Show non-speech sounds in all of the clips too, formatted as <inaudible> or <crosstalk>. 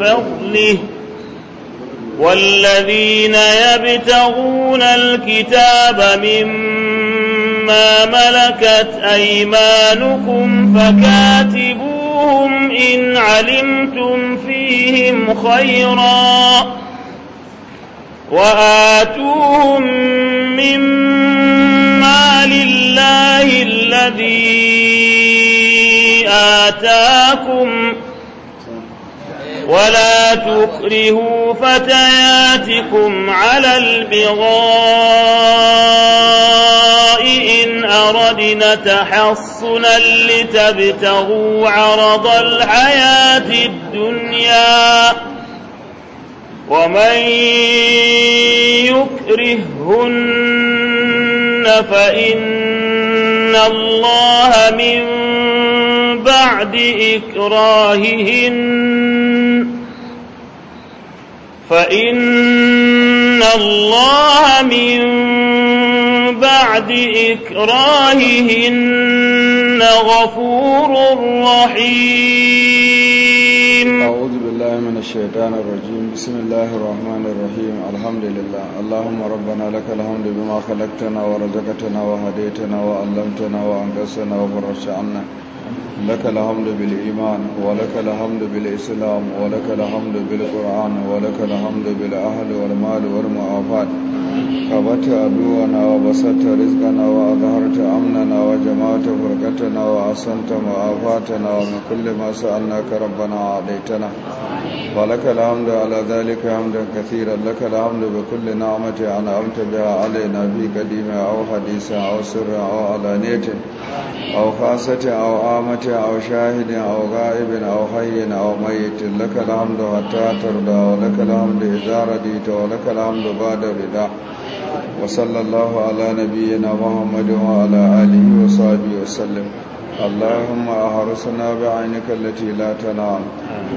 فضله والذين يبتغون الكتاب مما ملكت أيمانكم فكاتبوهم إن علمتم فيهم خيرا وآتوهم مما لله الذي آتاكم ولا تكرهوا فتياتكم على البغاء إن أردنا تحصنا لتبتغوا عرض الحياة الدنيا ومن يكرههن فإن الله من بعد إكراههن فإن الله من بعد إكراههن غفور رحيم أعوذ بالله من الشيطان الرجيم بسم الله الرحمن الرحيم الحمد لله اللهم ربنا لك الحمد بما خلقتنا ورزقتنا وهديتنا وعلمتنا وأنقصنا وفرشعنا عنا لك الحمد بالإيمان ولك الحمد بالإسلام ولك الحمد بالقرآن ولك الحمد بالأهل والمال والمعافات كبت أدونا وبسطت رزقنا وأظهرت أمننا وجمعت فرقتنا وأحسنت معافاتنا ومن كل ما سألناك ربنا أعطيتنا ولك الحمد على ذلك حمدا كثيرا لك الحمد بكل نعمة أنعمت بها علينا في قديم أو حديث أو سر أو علانية أو خاصة أو عام نعمة أو شاهد أو غائب أو حي أو ميت لك الحمد حتى ترضى ولك الحمد إذا رضيت ولك الحمد بعد رضا وصلى الله على نبينا محمد وعلى آله وصحبه وسلم اللهم أحرسنا بعينك التي لا تنام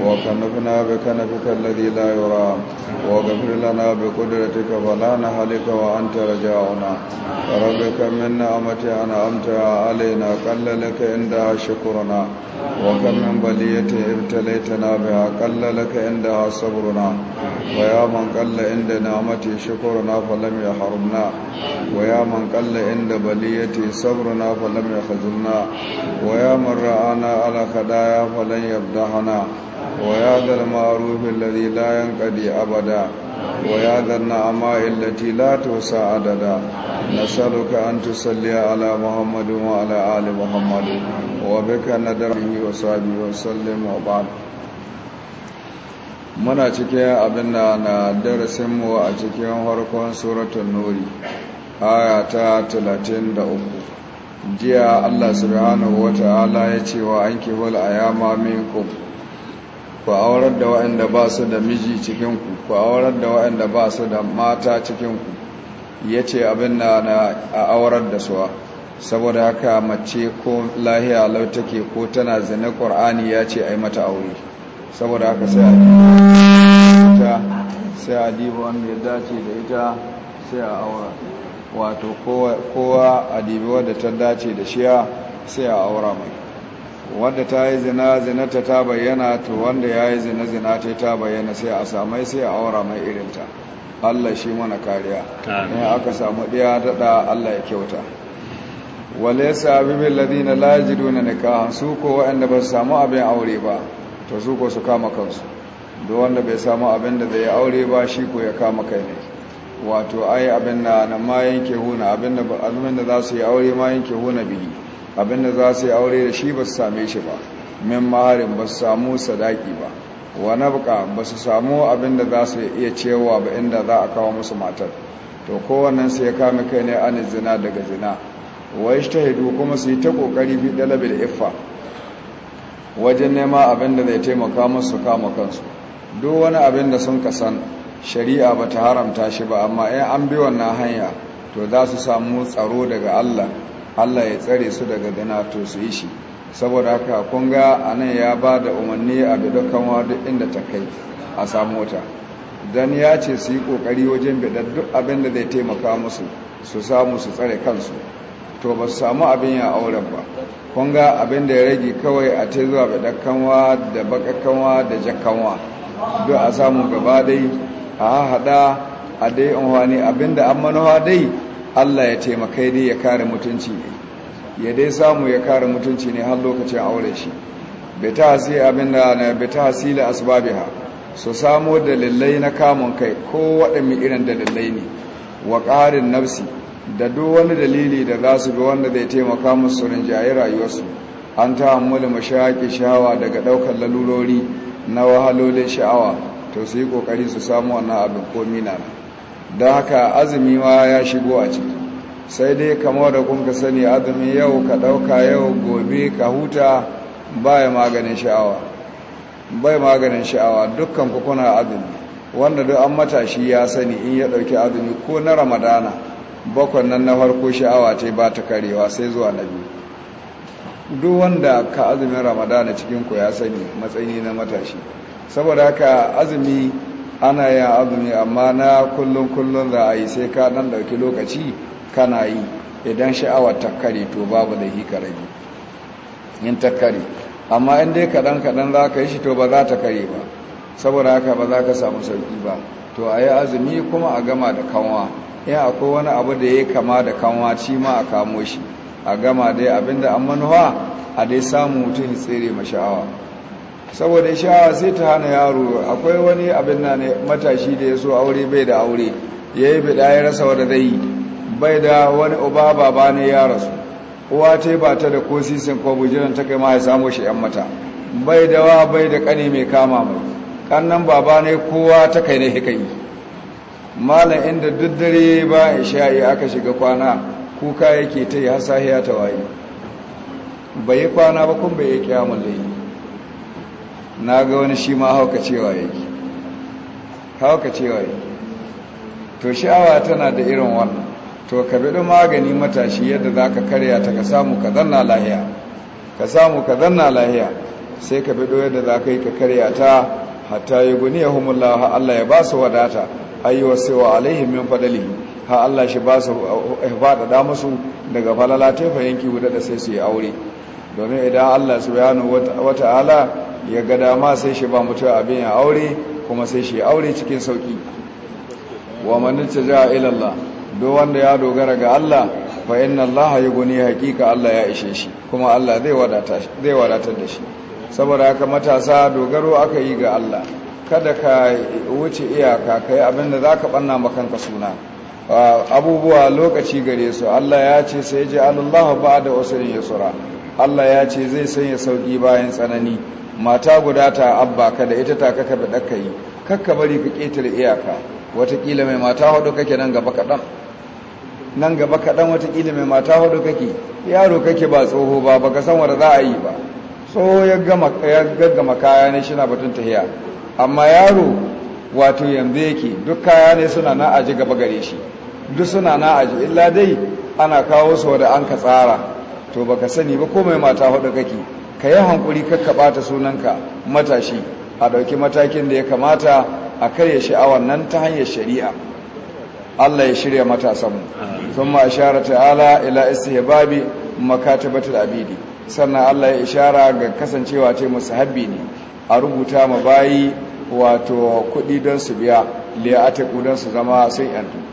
وكنفنا بكنفك الذي لا يرى واغفر لنا بقدرتك فلا نهلك وأنت رجاؤنا ربك من نعمة أنعمتها علينا قل لك عندها شكرنا وكم من بلية ابتليتنا بها قل لك عندها صبرنا ويا من قل عند نعمتي شكرنا فلم يحرمنا ويا من قل عند بليتي صبرنا فلم يخذلنا ويا من رآنا على خدايا فلن يبدحنا ويا ذا المعروف الذي لا ينقضي أبدا ويا ذا النعماء التي لا توسع عددا نسألك أن تصلي على محمد وعلى آل محمد وبك ندره وصحبه وسلم وبعد منا cikin abin da na darasinmu a cikin harkon suratun nuri aya ta 33 jiya allah subhanahu wa ta'ala ya ce wa an kihul a yama minkum ku aurar da waɗanda ba su da miji cikinku ku aurar da waɗanda ba su da mata cikinku ya ce abin na a aurar da suwa saboda haka mace ko lahiya lau ko tana zane ƙor'ani ya ce a yi mata aure saboda haka sai a diba wanda ya dace da ita sai a aura wato kowa a dibi wadda ta dace da shiya sai a aura mai wanda ta yi zina zinata ta bayyana to wanda ya yi zina zinata ta bayyana sai a samai sai a aura mai irinta Allah shi mana kariya ne aka samu ɗiya daɗa Allah ya kyauta wale sabibin ladina lajidu na ka su ko waɗanda ba su samu abin aure ba to su ko su kama kansu da wanda bai samu abin da zai aure ba shi ko ya kama kai ne wato ai abin na nan ma yanke huna abin da za su yi aure ma yanke huna biyu abinda za su yi aure da shi ba su same shi ba min maharin ba su samu sadaki ba wa buka ba su samu abinda za su iya cewa ba inda za a kawo musu matar to kowannen su ya kame kai ne an zina daga zina wa hidu kuma su yi ta kokari fi dalabil ifa wajen nema abinda zai taimaka musu kama kansu duk wani abin da sun kasan shari'a ba ta haramta shi ba amma in an bi wannan hanya to za su samu tsaro daga Allah Allah ya tsare su daga dana to su yi shi saboda haka kun ga anan ya ba da umarni a dukkan kanwa duk inda ta kai a samu wata don ya ce su yi kokari wajen bidon duk abin da zai taimaka musu su samu su tsare kansu to ba su samu abin ya auren ba kun ga abin da ya rage kawai a ta zuwa bidon kanwa da bakakanwa da jakanwa duk a samu gaba dai a haɗa a dai umarni abin da an manowa dai Allah ya taimakai dai ya kare mutunci ne ya dai samu ya kare mutunci ne har lokacin aure shi bai ta hasila asbabiha su samo dalilai na kamun kai ko waɗanne irin dalilai ne wa ƙarin nafsi da duk wani dalili da za su ga wanda zai taimaka musu rinjaye rayuwarsu an ta hammula mashaki sha'awa daga ɗaukar lalurori na wahalolin sha'awa to su yi kokari su samu wannan abin komi na nan da haka azumi ma ya shigo a ciki sai dai kamar da kun sani azumi yau ka ɗauka yau gobe ka huta baya maganin sha'awa bai maganin sha'awa dukkan ku azumi wanda duk an matashi ya sani in ya ɗauki azumi ko na ramadana bakon nan na farko sha'awa ta ba ta karewa sai zuwa na biyu duk wanda ka azumin ramadana cikinku ya sani matsayi na matashi saboda haka azumi ana yin azumi amma na kullum kullum za a yi sai ka ɗan dauki lokaci kana yi idan sha'awar ta to babu da hika rabi yin takkari amma in dai kaɗan kadan za ka yi shi to ba za ta kare ba saboda haka ba za ka samu sauki ba to a yi azumi kuma a gama da kanwa in akwai wani abu da ya yi kama da kanwa ci ma a kamo shi a gama dai abinda an manuwa a dai samu mutum tsere ma sha'awa saboda shawa sai ta hana yaro akwai wani abin na ne matashi da ya so aure bai da aure ya yi bida ya rasa wadda zai yi bai da wani uba baba ne ya rasu uwa ta ba ta da ko sisin ko bujiran ta kai ma ya samu shi yan mata bai da wa bai da kane mai kama mai kannan baba ne kowa ta kai ne hikai malam inda duk dare ba isha'i aka shiga kwana kuka yake ta yi hasahiya ta waye bai yi kwana ba kun bai yi kiyamun layi na ga wani shi ma hauka cewa yake hauka cewa yake to sha'awa tana da irin wannan to ka biɗi magani matashi yadda za ka karya ta ka samu ka zanna lahiya ka samu ka zanna lahiya sai ka biɗo yadda za ka yi ka karya ta hatta yi guni ya humulla ha Allah ya ba su wadata ayyuwa wa alaihim min fadali ha Allah shi ba su eh, da musu daga falala tefa yanki guda da sai su yi aure domin idan Allah subhanahu wata'ala ya ga dama sai shi ba mutum abin ya aure kuma sai shi aure cikin sauki wa manin ta ja ilallah do wanda ya dogara ga Allah fa inna Allah ya guni hakika Allah ya ishe shi kuma Allah zai wadatar da shi saboda haka matasa dogaro aka yi ga Allah kada ka wuce iyaka kai abin da zaka banna makanka suna abubuwa lokaci gare su Allah ya ce sai ji Allah ba'da usrin yusra Allah ya ce zai sanya sauki bayan tsanani mata guda ta abba ka da ita ta kaka da ɗaka yi kakka bari ka ƙetare iyaka watakila mai mata hudu kake nan gaba kaɗan nan gaba kaɗan watakila mai mata hudu kake yaro kake ba tsoho ba baka san wanda za a yi ba tsoho ya gaggama kaya ne shi na batun tahiya amma yaro wato yanzu yake duk kaya ne suna na aji gaba gare shi duk suna na aji illa dai ana kawo su wadda an ka tsara to baka sani ba ko mai mata hudu kake ka yi hankuri kakka ɓata sunanka matashi a ɗauki matakin da ya kamata a karya sha'awar nan ta hanyar shari'a Allah ya shirya matasanmu sun ma ishara ta'ala ila istihbabi makatabatul abidi sannan Allah ya ishara ga kasancewa ce habbi ne a rubuta ma bayi wato kuɗi don su biya liya don su zama sun yantu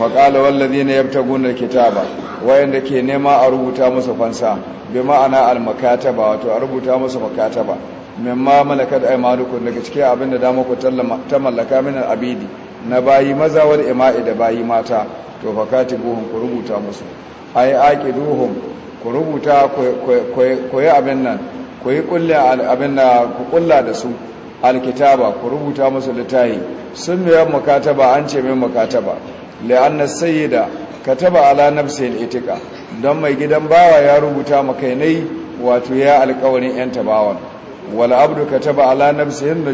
waƙala wallazi na yabta gunar kitaba wayanda ke nema a rubuta musu fansa bi ma'ana almakataba wato a rubuta musu makataba mimma malakat aymanukum daga cikin abin da muku ta mallaka min abidi na bayi maza wal ima'i da bayi mata to fakati fakatibuhum ku rubuta musu ai aqiduhum ku rubuta ku yi abin nan ku yi abin da ku kulla da su alkitaba ku rubuta musu littahi sun miyar makataba an ce min makataba la'anna sayyida kataba ala nafsihi itika don mai gidan bawa ya rubuta makainai wato ya alƙawarin yan tabawan wala abdu kataba ala na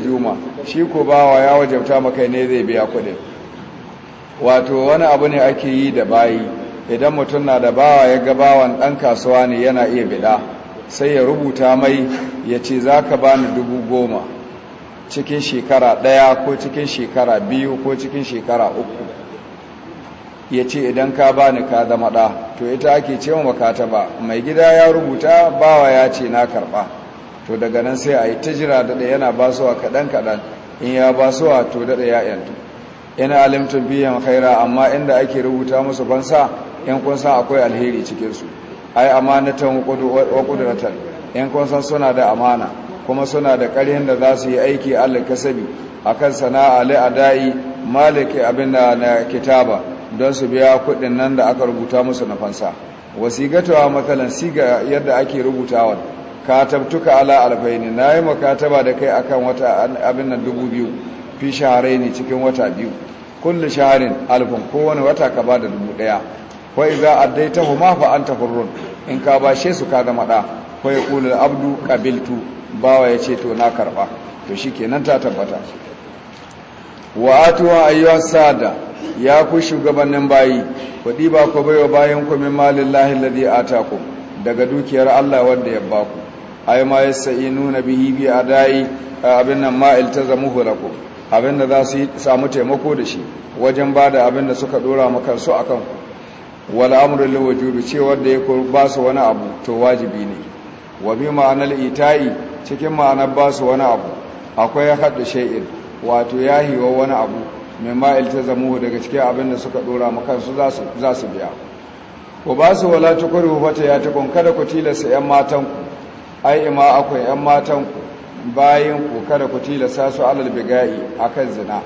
juma shi ko bawa ya wajabta makainai zai biya kuɗi wato wani abu ne ake yi da bayi idan mutum na da bawa ya ga bawan ɗan kasuwa ne yana iya biɗa sai ya rubuta mai ya ce za ka ba ni dubu goma cikin shekara ɗaya ko cikin shekara biyu ko cikin shekara uku ya ce idan ka ba ni ka zama ɗa to ita ake ce wa makata ba mai gida ya rubuta bawa ya ce na karɓa to daga nan sai a yi ta jira daɗa yana basuwa kaɗan-kaɗan in ya basuwa to daɗa ya yantu ina alimtun biyan haira amma inda ake rubuta musu bansa yan kunsa akwai alheri cikinsu ai amanatan wa yan kunsa suna da amana kuma suna da ƙarhin da za su yi aiki allah kasabi a kan sana'a la'adai maliki abin da na kitaba don su biya kuɗin nan da aka rubuta musu na fansa wasigatawa matsalan siga yadda ake rubutawa katabtuka ala alfaini na yi makataba da kai akan wata abin nan dubu biyu fi shaharai ne cikin wata biyu kulle shaharin alfin kowane wata ka ba da dubu ɗaya kwai za a daita huma fa an tafurrun in ka bashe su ka zama ɗa kwai ƙulul abdu ƙabiltu bawa ya ce to na karɓa to shi kenan ta tabbata wa atuwa ayyuwa sada ya ku shugabannin bayi kuɗi ba ku baiwa bayan ku min malin lahin ladi a taku daga dukiyar Allah wanda ya ba ku ai ma ya yi nuna bihi bi a dayi abin nan ma'il ta zama hulaku abin da za su samu taimako da shi wajen ba da abin da suka ɗora makansu su a kan ku wala amurin lawajubi ce da ya ba su wani abu to wajibi ne wa bi ma'anar ita'i cikin ma'anar ba su wani abu akwai haɗa shai'in wato yahiwa wani abu mai ma'il ta zamu daga cikin abin da suka dora makansu za su biya ku ba su wala tukuru wata ya tukun kada ku tilasta 'yan matanku ai ima akwai 'yan matanku bayan ku kada ku tilasta su alal bigayi kan zina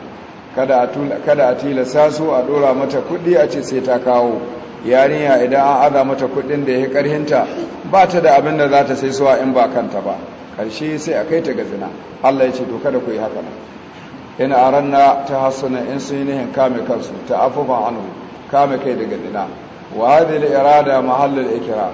kada a tilasta su a dora mata kuɗi a ce sai ta kawo yarinya idan an ada mata kuɗin da ya karhinta ba ta da abin da za ta sai suwa in ba kanta ba ƙarshe sai a kai ta ga zina Allah ya ce to kada ku yi haka nan in aranna ta hasana in sun yi nihin kame kansu ta afuwa anu kame kai daga dina wa hadhihi irada mahallul ikra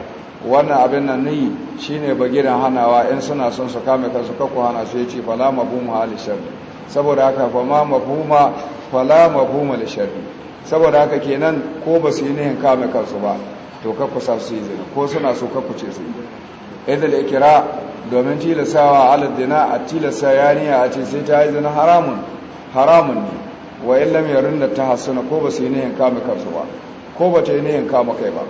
wannan abin nan ni shine bagiran hanawa in suna son su kame kansu kako hana su yace fala mabhum hali sharri saboda haka fa ma mabhuma fala mabhuma li sharri saboda haka kenan ko ba su yi nihin kame kansu ba to kako sa su yi zina ko suna so kako ce su idal ikra domin tilasawa ala dina a tilasa yaniya a ce sai ta yi zina haramun haramun ne wa illam ta hasuna ko ba su yi niyan kame kansu ba ko ba ta yi niyan kama kai ba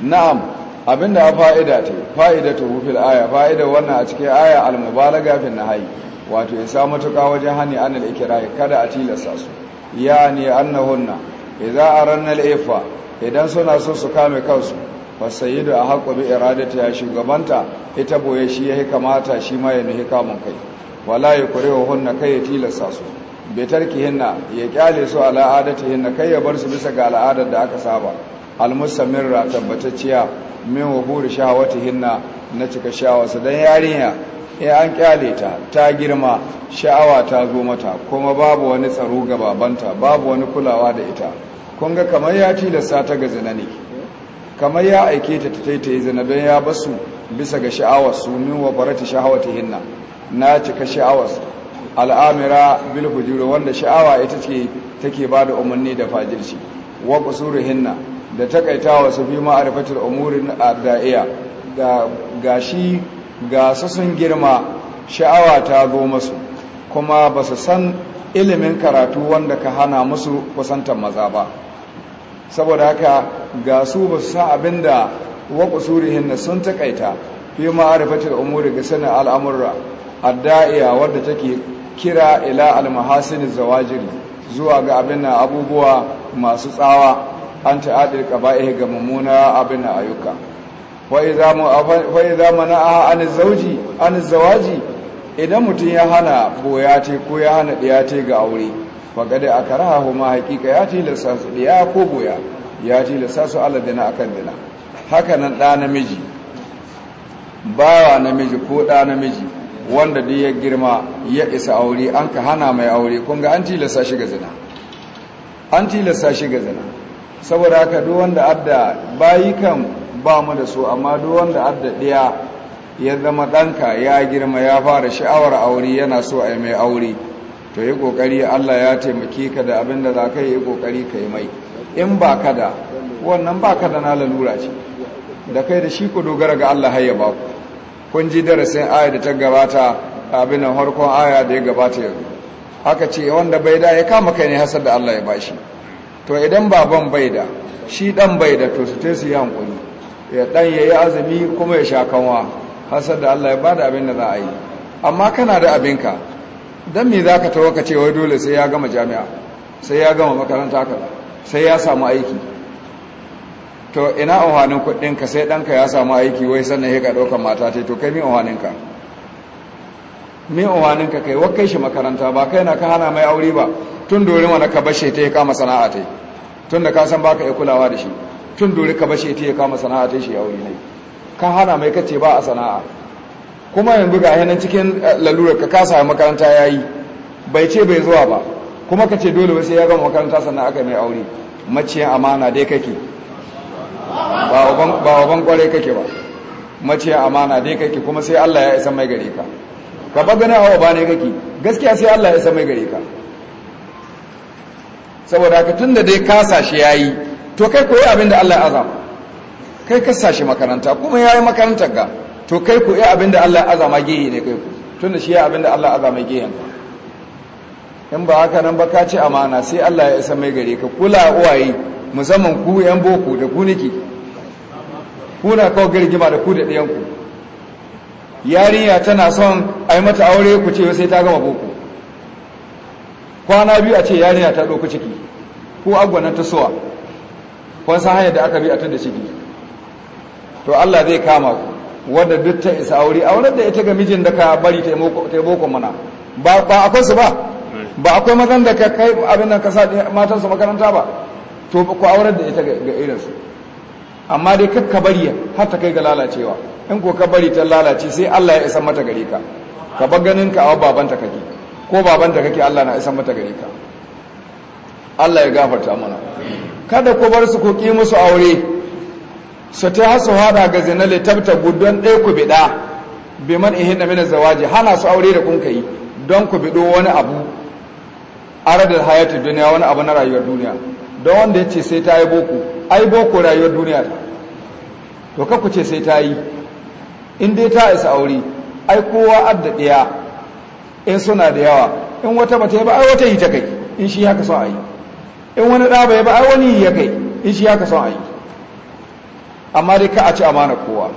na'am abinda a fa'ida fa'ida ta hufil aya fa'ida wannan a cikin aya al gafin na nahyi wato ya samu tuka wajen hani anil ikrahi kada a tilasta su an yani annahunna za a al efa idan suna so su kame kansu da a haƙo bi iradata ya shugabanta ita boye shi ya kamata shi ma ya nuhi kamun kai wala ya kurewa hunna kai ya tilasta su bai hinna ya kyale su al'adata hinna kai ya bar su bisa ga al'adar da aka saba almusamirra tabbatacciya min shawata hinna na cika shawasa don yarinya ya an kyale ta ta girma sha'awa ta zo mata kuma babu wani tsaro ga babanta babu wani kulawa da ita kun ga kamar ya tilasta ta ga zina ne kamar ya aike ta ta taitaye zina don ya basu bisa ga sha'awar su min wa farata ta hinna na cika sha'awarsa al'amira bil hujuru wanda sha'awa ita ce take ba da umarni da fajirci wa hinna, da takaitawa su fi ma'arifatul umurin adda'iya ga gashi ga su sun girma sha'awa ta zo musu kuma ba su san ilimin karatu wanda ka hana musu kusantar maza ba saboda haka ga su ba su san abinda wa hinna sun takaita fi ma'arifatul umuri ga sanin al'amurra adda'iya wadda take kira ila almahasin zawajiri zuwa ga abin abubuwa masu tsawa an ta'adil qaba'i ga mummuna abin ayyuka wa idza mana an zawji an zawaji idan mutum ya hana boya ce ko ya hana diya ga aure gada a karaha huma haqiqa ya tilasta su ko boya ya tilasta su akan dina haka nan da namiji bawa namiji ko da namiji wanda duk ya girma ya isa aure an ka hana mai aure kunga an tilasta shi ga zina an tilasta shi ga zina saboda haka duk wanda adda bayi kan ba mu da su amma duk wanda adda daya ya zama ɗanka ya girma ya fara sha'awar aure yana so a mai aure to yi ƙoƙari Allah ya taimake ka da abin da za ka yi ƙoƙari ka yi mai in ba ka da wannan ba ka da na lalura ce da kai da shi ku dogara ga Allah har ya baku kun ji darasin aya da ta gabata abin harkon aya da ya gabata yanzu aka ce wanda bai da ya kama kai ne hasar da Allah ya bashi to idan baban bai da shi dan bai da to su te su yi hankuli ya dan ya yi azumi kuma ya sha kanwa hasar da Allah ya bada abin da za a yi amma kana da abinka dan me zaka tawo ka ce wai dole sai ya gama jami'a sai ya gama makaranta ka, sai ya samu aiki to ina ohanin ka sai ɗanka ya samu aiki wai sannan ya ga daukar mata ta to kai mi ka mi ka kai wakai shi makaranta ba kai na ka hana mai aure ba tun dori wani ka bashe ta ya kama sana'a ta tun da ka san baka ya kulawa da shi tun dori ka bashe ta ya kama sana'a ta shi aure ne ka hana mai kace ba a sana'a kuma yanzu ga yanan cikin eh, lalurar ka kasa makaranta yayi bai ce bai zuwa ba kuma kace dole wai sai ya gama makaranta sannan aka mai aure maciyan amana dai kake ba waban kwarai kake ba mace amana dai kake kuma sai Allah ya isa mai gare ka ka ba gani awa ba ne kake gaskiya sai Allah ya isa mai gare ka saboda ka tun da dai ka sashi ya yi to kai koyi abin da Allah ya azama kai ka sashi makaranta kuma ya yi makarantar ga to kai koyi abin da Allah ya azama gehe ne kai ku tun da shi ya abin da Allah ya azama gehen ka in ba haka nan ba ka ci amana sai Allah ya isa mai gare ka kula uwaye musamman ku yan boko da ku niki kuna kawo girgima da ku da ɗayanku yarinya tana son a yi mata aure ku ce sai ta gama boko kwana biyu a ce yarinya ta ɗauki ciki ko agwanan ta suwa kwan san hanyar da aka bi a tun da ciki to Allah zai kama ku wadda duk ta isa aure wadda da ita ga mijin da ka bari ta yi boko mana ba akwai su ba ba akwai mazan da ka kai abin nan ka sa matansu makaranta ba to ku aurar da ita ga irinsu amma dai kakka bari har ta kai ga lalacewa in ko ka bari ta lalace sai Allah ya isa mata gare ka ka bar ganin ka a babanta kake ko babanta kake Allah na isa mata gare ka Allah ya gafarta mana kada ku bar su ku ki musu aure su ta hasu hada ga zina le tabta gudan ɗaya ku biɗa bi man ihin da mina zawaji hana su aure da kun kai don ku biɗo wani abu aradar hayatu duniya wani abu na rayuwar duniya don wanda ya ce sai ta yi boko ai boko rayuwar duniya ta to ka kuce sai ta yi in dai ta isa aure ai kowa adda ɗaya in suna da yawa in wata bata ba ai wata yi ta kai in shi haka son a yi in wani ɗa ya ba ai wani yi ya kai in shi haka son a yi amma dai ka a ci amana kowa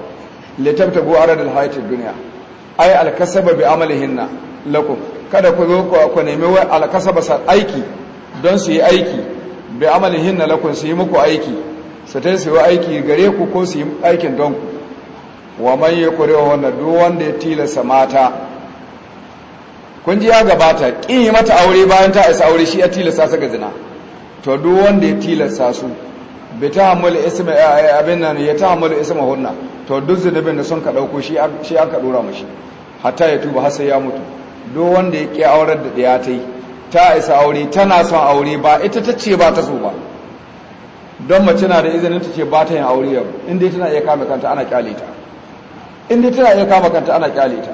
litabta go arad al hayat duniya dunya ay al kasaba bi amalihinna lakum kada ku zo ku nemi wai al kasaba aiki don su yi aiki bi amalihin na lakun su yi muku aiki su ta su yi aiki gare ku ko su yi aikin don ku wa man ya wa wanda duk wanda ya tilasta mata kun ji ya gabata ƙin yi mata aure bayan ta isa aure shi ya tilasta sa ga zina to duk wanda ya tilasta su bi ta hamul isma abin nan ya ta hamul isma hunna to duk zunubin da sun ka dauko shi shi aka ɗora mashi hatta ya tuba har sai ya mutu duk wanda ya ƙi aurar da ɗaya ta yi ta isa aure tana son aure ba ita ta ce ba ta so ba don mace na da izinin ta ce ba ta yin aure yau inda tana iya kama kanta ana kyale ta inda tana iya kama kanta ana kyale ta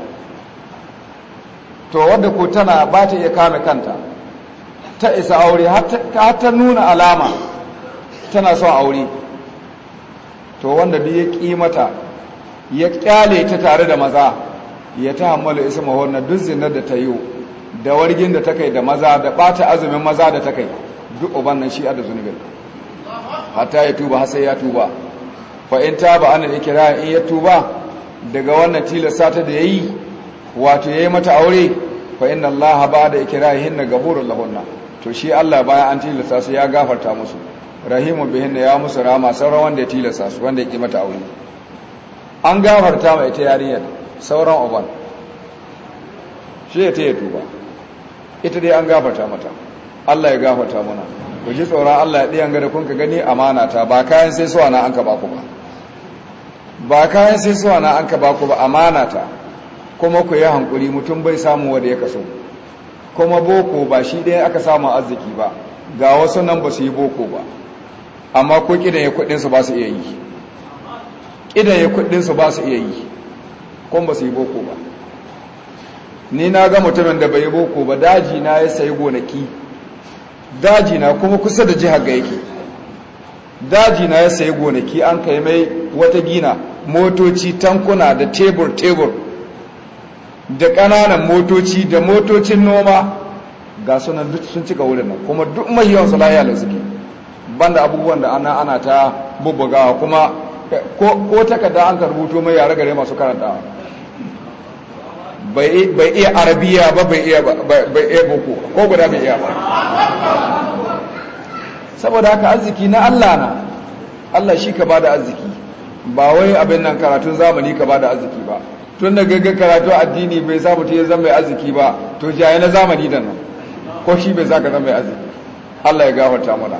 to wadda ko tana ba ta iya kama kanta ta isa aure har ta nuna alama tana son aure to wanda duk ya kimata ya kyale ta tare da maza ya ta hamalu isa mahonar duk zinar da ta yi da wargin da ta kai da maza da ɓata azumin maza da ta kai duk uban nan shi da zunubin hatta ya tuba har sai ya tuba fa in taba an al in ya tuba daga wannan tilasta ta da yayi wato yayi mata aure fa inna allaha hin na gafurul lahunna to shi Allah baya an tilasta su ya gafarta musu rahimu bihin ya musu rama sauran wanda ya tilasta su wanda ya ki mata aure an gafarta mai ita yarinyar sauran uban shi ya ta ya tuba ita dai an gafarta mata Allah ya gafarta mana ku ji tsoron Allah ya ɗiyan gada kun ka gani amana ta ba kayan sai suwa na an ka baku ba ba kayan sai suwa na an ka baku ba amana ta kuma ku yi hankuri mutum bai samu wanda ya kaso kuma boko ba shi ɗaya aka samu arziki ba ga wasu nan ba su yi boko ba amma ko kidan ya kuɗinsu ba su iya yi kidan ya kuɗinsu ba su iya yi kuma ba su yi boko ba ni na ga mutumin da bai boko ba daji na ya sayi gonaki daji na kuma kusa da jihar ga yake daji na ya sayi gonaki an kai mai wata gina motoci tankuna da tebur-tebur da ƙananan motoci da motocin noma ga sunan duk sun cika wurin nan kuma duk mai su lahiya da suke banda abubuwan da ana ana ta bubbugawa kuma ko takarda an ka rubuto mai yare gare masu karanta. bai iya arabiya ba bai iya boko ko guda bai iya ba saboda haka arziki na Allah na Allah shi ka bada arziki ba wai abin nan karatun zamani ka bada arziki ba tun da gaggar karatu addini bai sa mutum ya zama mai arziki ba to jaye na zamani da nan ko shi bai sa ka zama mai arziki Allah ya gafarta mana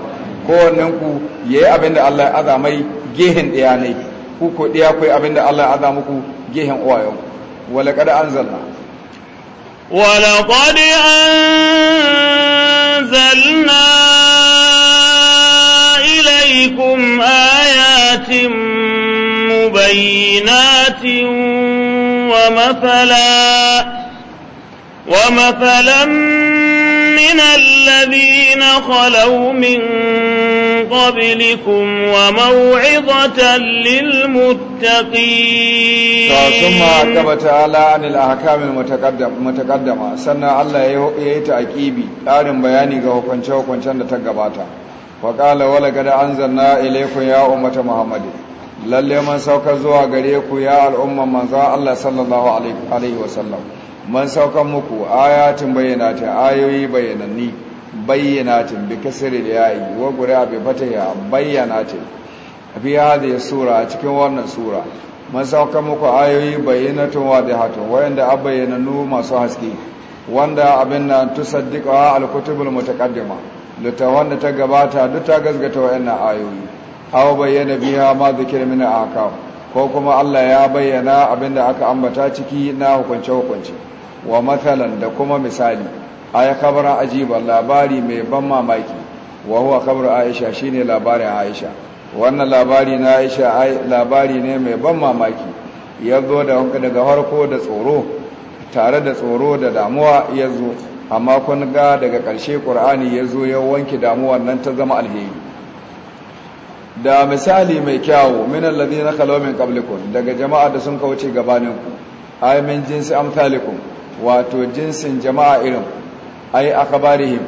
kowannen ku yayi abin da Allah ya azamai gehen ɗaya ne ku ko ɗaya kai abin da Allah ya aza ku gehen uwayenku ولقد أنزلنا ولقد أنزلنا إليكم آيات مبينات ومثلا ومثلا من الذين خلوا من قبلكم وموعظة للمتقين ثم أكب تعالى عن الأحكام المتقدمة سنة الله يتأكيبي قارن بياني قهو كنشو كنشان تقباتا وقال ولقد أنزلنا إليكم يا أمة محمد lalle man saukar zuwa gare ku ya al'umman manzo Allah sallallahu alaihi wasallam man saukan muku ayatin bayyanatin ayoyi bayyananni bayyanatin bi kasri da yayi wa qura abi fataha bayyanatin fi hadhihi sura cikin wannan sura man saukan muku ayoyi bayyanatun wadihatun wayanda abayyananu masu haske wanda abin nan tusaddiqa al-kutubul mutaqaddima litawan da ta gabata duk ta gasgata wayannan ayoyi aw bayyana biha ma zikir min ahkam ko kuma Allah ya bayyana abinda aka ambata ciki na hukunce hukunce wa mathalan da kuma misali ya kabara ajiba labari mai ban mamaki wa huwa kabar aisha ne labarin aisha wannan labari na aisha labari ne mai ban mamaki ya zo daga harko da tsoro tare da tsoro da damuwa ya zo amma kun ga daga ƙarshe ƙur'ani ya zo ya wanke damuwar nan ta zama alheri da misali mai kyawu min alladhina na kalomin kablikun daga jama'a da sun kauce gabaninku ayyamin jinsi amtalikun wato jinsin jama'a irin ai akabarihim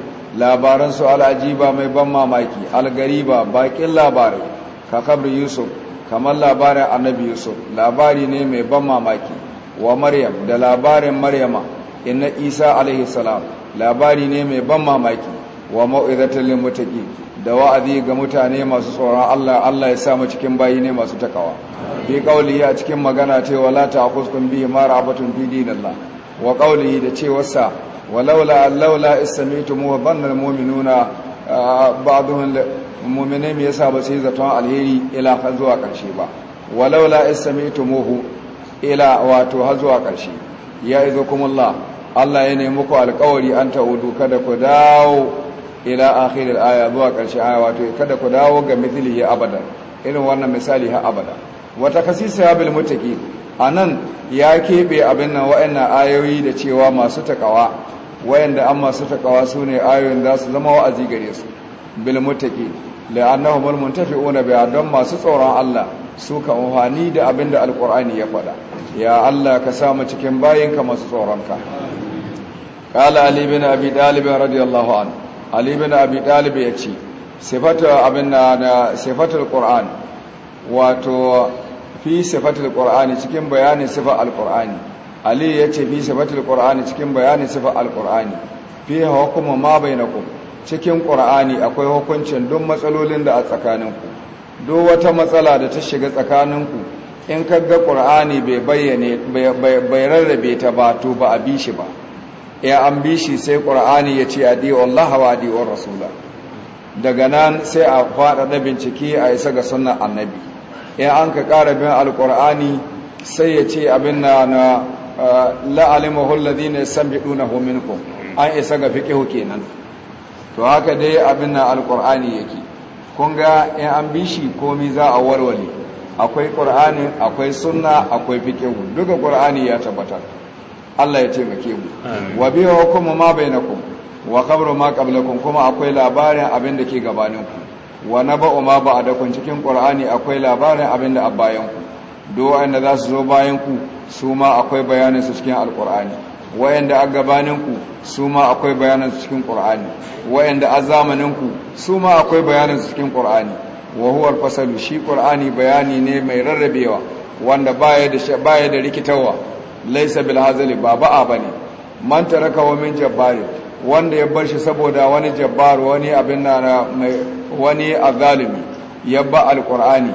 su al'ajiba mai ban mamaki algariba bakin labari ka kabri yusuf kamar labarin annabi yusuf labari ne mai ban mamaki wa maryam da labarin maryama inna isa alaihi salam labari ne mai ban mamaki wa mau'izatul mutaqi da wa'azi ga mutane masu tsoron Allah Allah ya samu cikin bayi ne masu takawa bi kauli ya cikin magana ta wala ta'khuzkum bi ma ra'abatun fi dinillah wa qawlihi da cewarsa walaula laula istamitum wa dhanna almu'minuna ba'dhum mu'minin me yasa ba sai zaton alheri ila har zuwa ƙarshe ba walaula istamitumuhu ila wato har zuwa ƙarshe ya izukumullah Allah ya nemi ku alƙawari an ta'udu kada ku dawo ila akhiril aya zuwa ƙarshe aya wato kada ku dawo ga ya abada irin wannan misali ha abada wata kasisa bil mutaqi a nan ya keɓe abin nan wa'annan ayoyi da cewa masu taƙawa wayanda an masu taƙawa su ne ayoyin za su zama wa'azi gare su bil mutaqi la'annahum muntafi'una bi don masu tsoron Allah su ka amfani da abin da alqur'ani ya faɗa ya Allah ka sa mu cikin bayinka masu ka. qala ali bin abi talib radiyallahu anhu ali bin abi talib ce sifatu abin na sifatul qur'an wato fi sifatul qur'ani cikin bayanin sifa alqur'ani ali ya ce fi sifatul qur'ani cikin bayanin sifa alqur'ani fi hukuma ma bainakum cikin qur'ani akwai hukuncin duk matsalolin da a tsakaninku duk wata matsala da ta shiga tsakaninku in kaga qur'ani bai bayyane bai rarrabe ta ba to ba a bishi ba ya e, an bi shi sai qur'ani yace ce adi wallahi wa adi rasula daga nan sai a faɗaɗa bincike a isa ga sunnan annabi in an ka ƙara bin alƙur'ani sai ya ce abin na na san biɗu na hominku an isa ga fiqhu kenan to haka dai abin na alƙur'ani yake kun ga in an bi shi komai za a warware akwai ƙur'ani akwai sunna akwai fiqhu duka ƙur'ani ya tabbatar Allah ya taimake mu wa biyo hukumu ma bainakum wa khabru ma kuma akwai labarin abin da ke gabaninku wa na ba'u ma ba da kun cikin qur'ani akwai labarin abin da abayanku do wanda za su zo bayanku su ma akwai bayanin cikin alqur'ani wayanda a gabanin ku su ma akwai bayanin cikin qur'ani wayanda a zamanin ku su ma akwai bayanin cikin qur'ani wa huwa al shi qur'ani bayani ne mai rarrabewa wanda baya da baya da rikitawa laysa bil hazali ba ba'a bane man taraka wa min jabbari wanda ya bar shi saboda wani jabbar wani abin na wani azalimi ya ba alkur'ani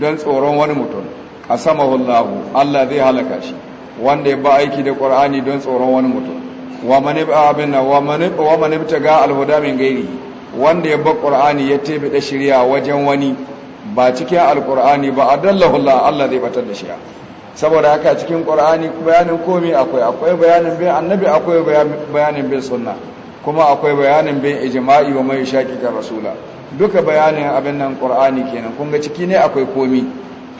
don tsoron wani mutum a sama hullahu Allah zai halaka shi wanda ya ba aiki da ƙur'ani don tsoron wani mutum wa mani abin na wa mani ta ga alhuda min gairi wanda ya ba ƙur'ani ya tebe da shirya wajen wani ba cikin alkur'ani ba a dalla Allah zai batar da shi saboda haka cikin qur'ani bayanin komi akwai akwai bayanin bin annabi akwai bayanin bin suna kuma akwai bayanin bin ijma'i wa mai ga rasula duka bayanin abin nan qur'ani kenan kunga ciki ne akwai komi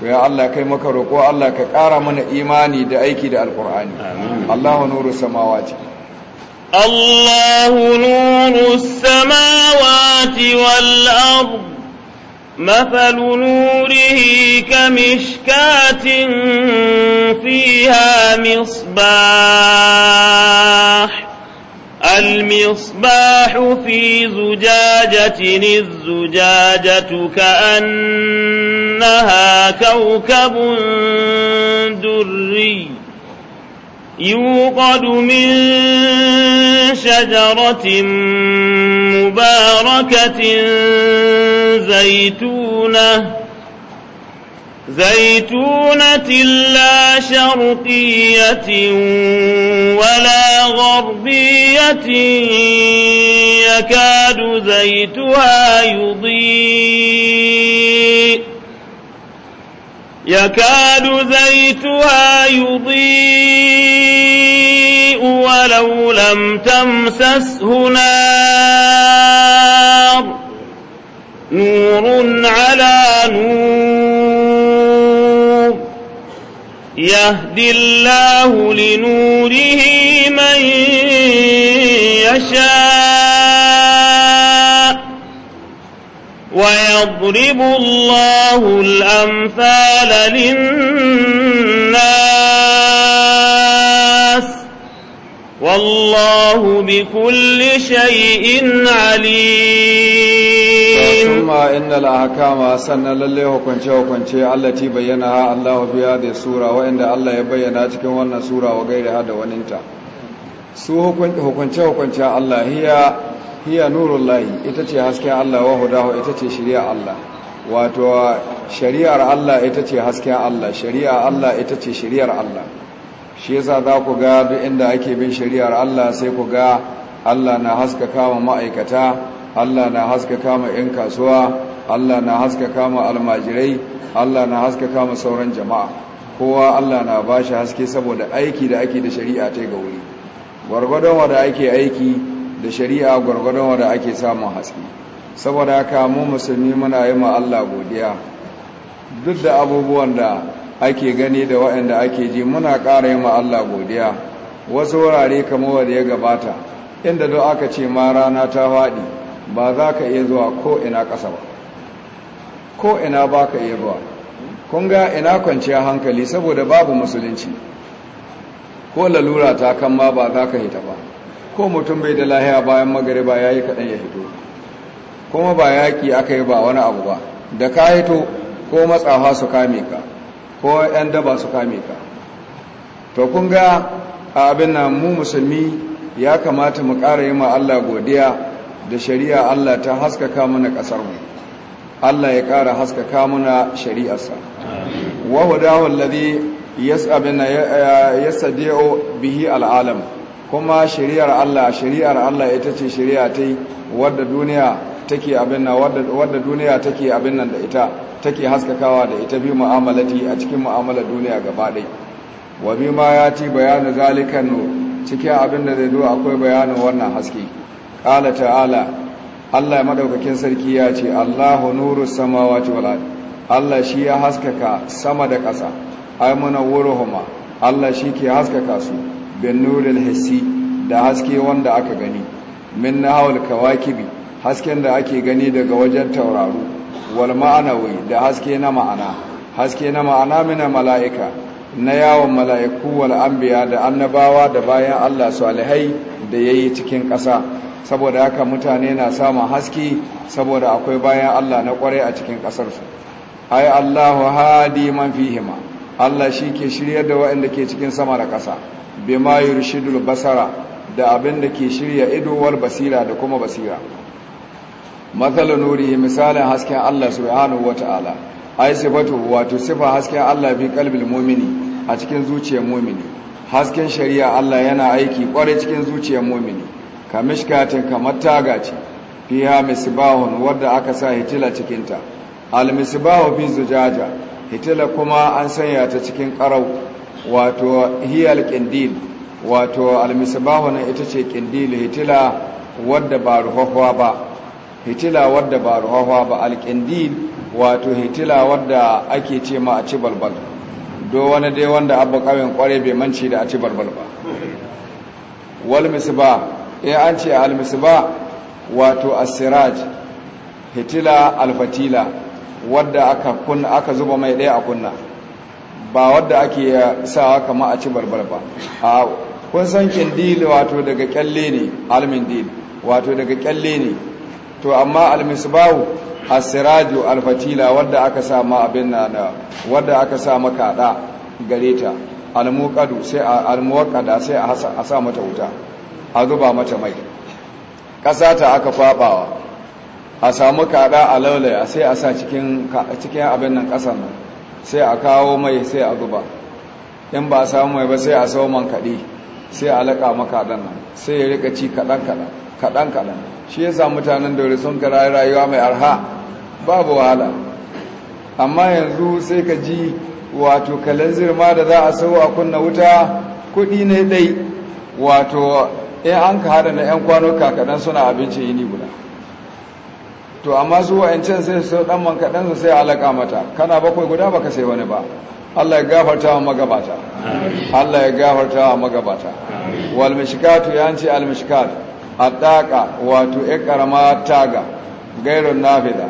to ya Allah kai maka roƙo Allah ka ƙara mana imani da aiki da alqur'ani Allahu nuru samawati مثل نوره كمشكاة فيها مصباح المصباح في زجاجة الزجاجة كأنها كوكب دري يوقد من شجرة مباركة زيتونة زيتونة لا شرقية ولا غربية يكاد زيتها يضيء يكاد زيتها يضيء ولو لم تمسسه نار نور على نور يهدي الله لنوره من يشاء ويضرب الله الأمثال للناس والله بكل شيء عليم ثم إن الأحكام أسنى لله وكنشي وكنشي التي بينها الله في هذه السورة وإن الله يبينها تكون سورة وغيرها دوننتا su hukunce-hukunce Allah hiya hiya nurul lahi ita ce hasken Allah wa hudahu ita ce shari'a Allah wato shari'ar Allah ita ce hasken Allah shari'a Allah ita ce shari'ar Allah shi yasa za ku ga duk inda ake bin shari'ar Allah sai ku ga Allah na haskaka ma ma'aikata Allah na haskaka ma 'yan kasuwa Allah na haskaka ma almajirai Allah na haskaka ma sauran jama'a kowa Allah na bashi haske saboda aiki da ake da shari'a ta ga wuri gwargwadon wanda ake aiki da shari'a gwargwadon wadda ake samun haske saboda haka mu musulmi muna yi ma Allah godiya duk da abubuwan da ake gani da waɗanda ake ji muna ƙara yi ma Allah godiya wasu wurare kamar wadda ya gabata inda duk aka ce ma rana ta faɗi ba za ka iya zuwa ko ina ƙasa ba ko ina ba ka iya zuwa kun ga ina kwanciya hankali saboda babu musulunci ko lalura ta kan ma ba za ka hita ba ko mutum bai da lahiya bayan magariba ya yi kaɗan ya fito kuma ba yaƙi aka yi ba wani abu ba da ka hito ko matsawa su kame ka ko 'yan daba su kame ka to kun ga a abin na mu musulmi ya kamata mu ƙara yi ma Allah godiya da shari'a Allah ta haskaka mana ƙasarmu Allah ya ƙara haskaka mana shari'arsa wa hudahu allazi yas'abina bihi al'alam kuma shari'ar Allah shari'ar Allah ita ce shari'a ta wadda duniya take abin nan wadda duniya take abin nan da ita take haskakawa da ita bi mu'amalati a cikin mu'amalar duniya gaba ɗaya wa bi ma ya ci bayanin zalikan cikin abin da zai zo akwai bayanin wannan haske qala ta'ala Allah ya madaukakin sarki ya ce Allahu nuru samawati wal ard Allah shi ya haskaka sama da ƙasa ay wuruhuma Allah shi ke haskaka su bin hasi da haske wanda aka gani min nahawul kawakibi hasken da ake gani daga wajen tauraro wal ma'anawi da haske na ma'ana haske na ma'ana mina mala'ika na yawon mala'iku wal anbiya da annabawa da bayan Allah su salihai da yayi cikin ƙasa saboda haka mutane na samun haske saboda akwai bayan Allah na kwarai a cikin ƙasarsu ai Allahu hadi man fihima Allah shi ke shirya da waɗanda ke cikin sama da ƙasa bima yurshidul basara da abin da ke shirya ido wal basira da kuma basira matsala nuri misalin hasken Allah subhanahu wata'ala ai sifatu wato sifa hasken Allah fi kalbil mumini a cikin zuciyar mumini hasken shari'a Allah yana aiki kware cikin zuciyar mumini kamishkatin kamar taga ce fiha misbahun wadda aka sa hitila cikinta al misbahu fi zujaja hitila kuma an sanya ta cikin qarau wato hiyal kindil wato almisbahu ne ita ce kindil hitila wadda ba ruhuwa ba hitila wadda ba ruhuwa ba alkindil wato hitila wadda ake ce ma a ci balbal do wani dai wanda abba kawin kware bai manci da a ci balbal ba wal misbah in an ce al misbah wato asiraj hitila al-fatila wadda aka kun aka zuba mai daya a kunna ba wadda ake sawa kama a ci barbar ba a kun san kindil wato daga kyalle ne almin dil wato daga kyalle ne to amma almisbahu asiraju alfatila wadda aka sa ma abin na da wadda aka sa maka da gare ta almuqadu sai almuqada sai a sa mata wuta a zuba mata mai kasa ta aka fabawa a samu kada a laulaya sai a sa cikin cikin abin nan kasan nan sai a kawo mai sai a zuba in ba a samu mai ba sai a sau man sai a laƙa makaɗan nan sai ya rika ci kaɗan-kaɗan shi ya shi yasa mutanen dore sun kara rayuwa mai arha babu wahala amma yanzu sai ka ji wato kalanzir ma da za a sau a kunna wuta kuɗi ne ɗai wato in an ka hada na 'yan kwano kaɗan suna abinci yini guda to amma in can sai su dan man kaɗan su sai alaka mata kana bakwai guda baka sai wani ba Allah ya gafarta wa magabata Allah ya gafarta wa magabata wal mishkatu yanci al mishkat addaqa wato ya karama taga gairun nafida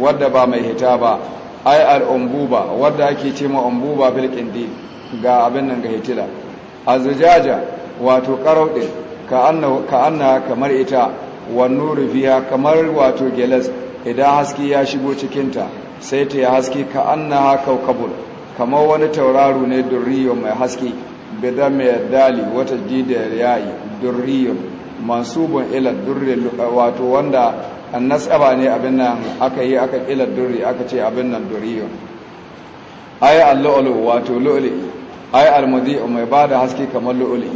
wadda ba mai hita ba ai al umbuba wadda ake ce ma umbuba bil qindi ga abin nan ga hitila azujaja wato qarau din ka anna ka anna kamar ita wannan rufiya kamar wato gelas idan haske ya shigo cikinta sai ta yi haske ka an na haka kabul kamar wani tauraro ne durriyo mai haske bidan mai dali wata jidiyar yayi durriyo mansubun ilar durri wato wanda an nasaba ne abin nan aka yi aka ilar durri aka ce abin nan durriyo ai allu'ulu wato lu'uli ai almudi mai ba da haske kamar lu'uli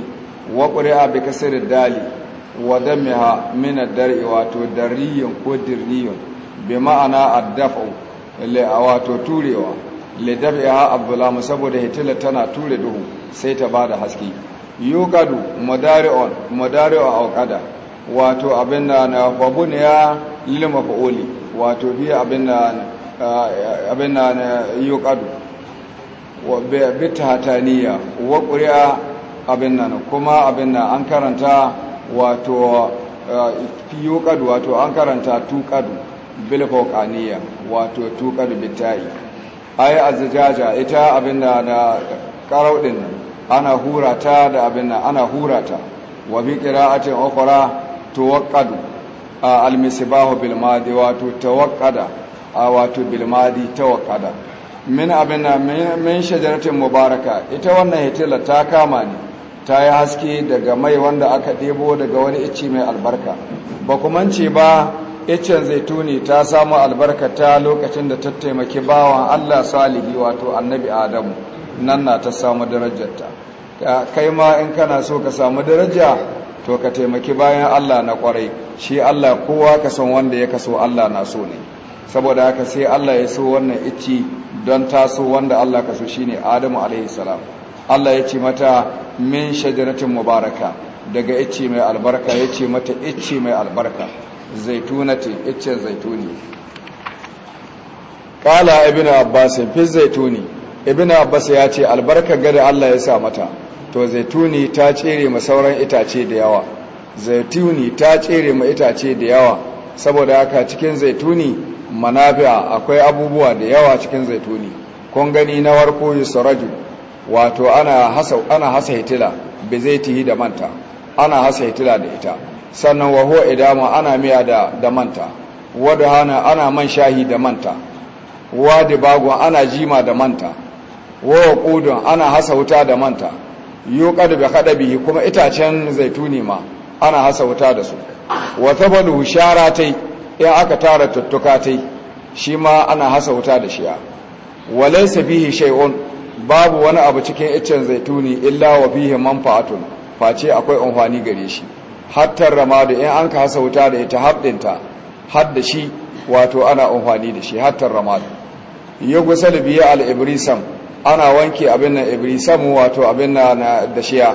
wa ƙuri'a bi kasirin dali wa damiha min ad-dar'i wato darriyun ko dirriyun bi ma'ana ad-daf'u wato turewa li daf'iha abdulam saboda hitila tana ture duhu sai ta bada haske yuqadu mudari'un mudari'u qada wato abinda na fabuniya lil maf'uli wato bi abinda abinda yuqadu wa bi tahtaniya wa abin abinda kuma abinda an karanta wato eh, kadu wato an karanta tukadu bilhokaniya wato tukadu bitai ay azjaja ita abinda na qarau din ana hurata da abinda ana hurata wa bi qira'atin ukhra tuwaqqadu almisbahu bilmadi wato tawaqqada wato bilmadi tawaqqada min abinda min shajaratin mubaraka ita wannan hitila ta kama ne ta yi haske daga mai wanda aka ɗebo daga wani icci mai albarka ba kuma ce ba iccen zaituni ta samu albarka ta lokacin da ta taimaki bawan allah salihi wato annabi adamu nan na ta samu darajarta kai ma in kana so ka samu daraja to ka taimaki bayan allah na kwarai shi allah kowa ka san wanda ya kaso allah na so ne saboda haka sai allah ya so wannan icci don taso wanda allah ka so shine adamu alaihi salam Allah ya ce mata min shajaratin mubaraka daga ice mai albarka ya ce mata ice mai albarka zaitunati icce zaituni kala ibn abbas fi zaituni ibn abbas ya ce albarka gada Allah ya sa mata to zaituni ta tsere ma sauran itace da yawa zaituni ta tsere ma itace da yawa saboda haka cikin zaituni manafi'a akwai abubuwa da yawa cikin zaituni kun gani na warko yusraju wato ana hasa ana hasa hitila bi da manta ana hasa hitila da ita sannan wa huwa idama ana miya da da manta hana ana man shahi da manta wadi bagon ana jima da manta wa qudun ana hasa wuta da manta kada bi khadabihi kuma itacen zaituni ma ana hasa wuta da su wa thabanu sharatai in aka tara tuttuka tai shi ma ana hasa wuta da shi walaysa bihi shay'un babu wani abu cikin iccen zaituni illa wa fihi manfa'atun face akwai amfani gare shi hatta ramadu in an ka hasa wuta da ita habdinta har da shi wato ana amfani da shi hatta ramadu ya gusal biya al ibrisam ana wanke abin nan ibrisam wato abin na da shiya